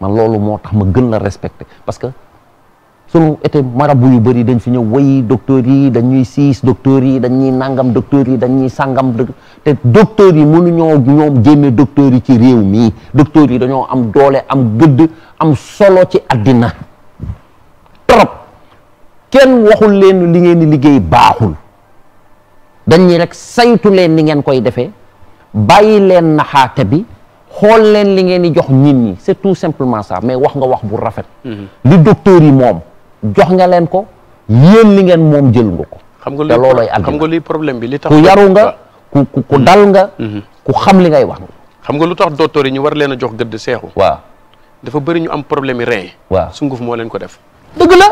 ma loolu moo tax ma gën la respecté parce que su sunu été marabu yu bëri dañ fi ñëw woy docteurs yi dañuy siis docteurs yi dañuy nangam docteurs yi dañuy sangam te docteurs yi mënuñoo ñoom jéemee docteurs yi ci réew mii docteurs yi dañoo am doole am gëdd am solo ci àddina trop kenn waxul leen li ngeen di liggéey baaxul dañ dañuy rek saytu leen ni ngeen koy defee bàyyi leen naxaate bi xool leen li ngeen di jox nit ñi c'est tout simplement ça mais wax nga wax bu rafet mhm. li docteurs yi moom jox nga leen ko yéen li ngeen moom jël nga ko. xam nga looloy àddina xam nga problème bi li tax. ku yaru nga ku dal nga. Mm-hmm. ku xam li ngay wax. xam nga lu tax docteur yi ñu war leen a jox gëdd seexu. waaw dafa bëri ñu am problème yi rein. waaw sunguf moo leen ko def. dëgg la.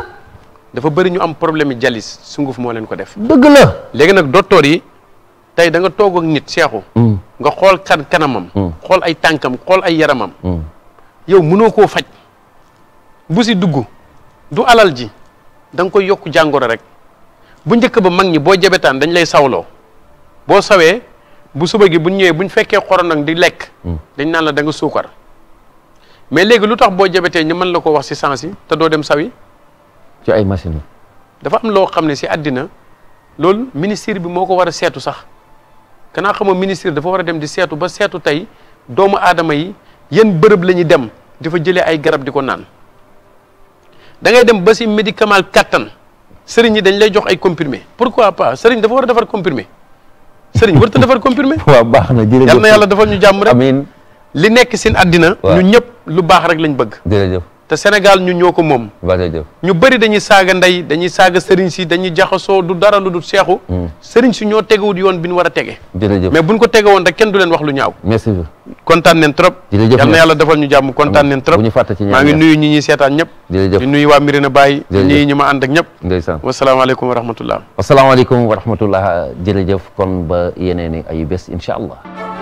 dafa bëri ñu am problème yi jalis sunguf moo leen ko def. dëgg léegi nag docteur yi tey da nga toog ak nit seexu. Mm. nga xool kan kanamam. Mm. xool ay tànkam xool ay yaramam. Mm. yow mënoo koo faj bu si dugg. du alal ji da nga koy yokk jàngoro rek bu njëkk ba mag ñi boo jabetaan dañ lay sawloo boo sawee bu suba gi buñ ñëwee buñ fekkee xorom ak di lekk hmm. dañ naan la danga suukar mais léegi lu tax boo jabetee ñu mën la ko wax si sens yi te doo dem sawi ci ay machine dafa am loo xam ne si àddina loolu ministère bi moo ko war a seetu sax kanaa xamoo ministère dafa war a dem di seetu ba seetu tey doomu aadama yi yan bërëb la ñuy dem dafa fa jëlee ay garab di ko naan da ngay dem ba si médicament kattan sëriñ yi dañ lay jox ay comprimé pourquoi pas sëriñ dafa war a defar comprimé sëriñ warut defar comprimé. waaw baax na jërëjëf yal na yàlla defal ñu jàmm rek. amiin li nekk seen àddina. ñu ñëpp lu baax rek lañ bëgg. te Sénégal ñu ñoo ko moom. ñu bëri dañuy saaga ndey dañuy saaga sëriñ si dañuy jaxasoo du dara lu du seexu. Mm. sëriñ si ñoo tegewut yoon bi ñu war a tege. mais buñ ko tege woon rek kenn du leen wax lu ñaaw. merci kontaan nañ trop. yal na yàlla defal ñu jàmm kontaan nañ trop. maa ngi nuyu ñi ñuy seetaan ñëpp. di nuyu waa Mirina Baye. ñi ñu ma ànd ak ñëpp. ndeysaan wasalaamaaleykum wa rahmatullah. wasalaamaaleykum wa rahmatullah jërëjëf kon ba yeneen i ayu bés incha allah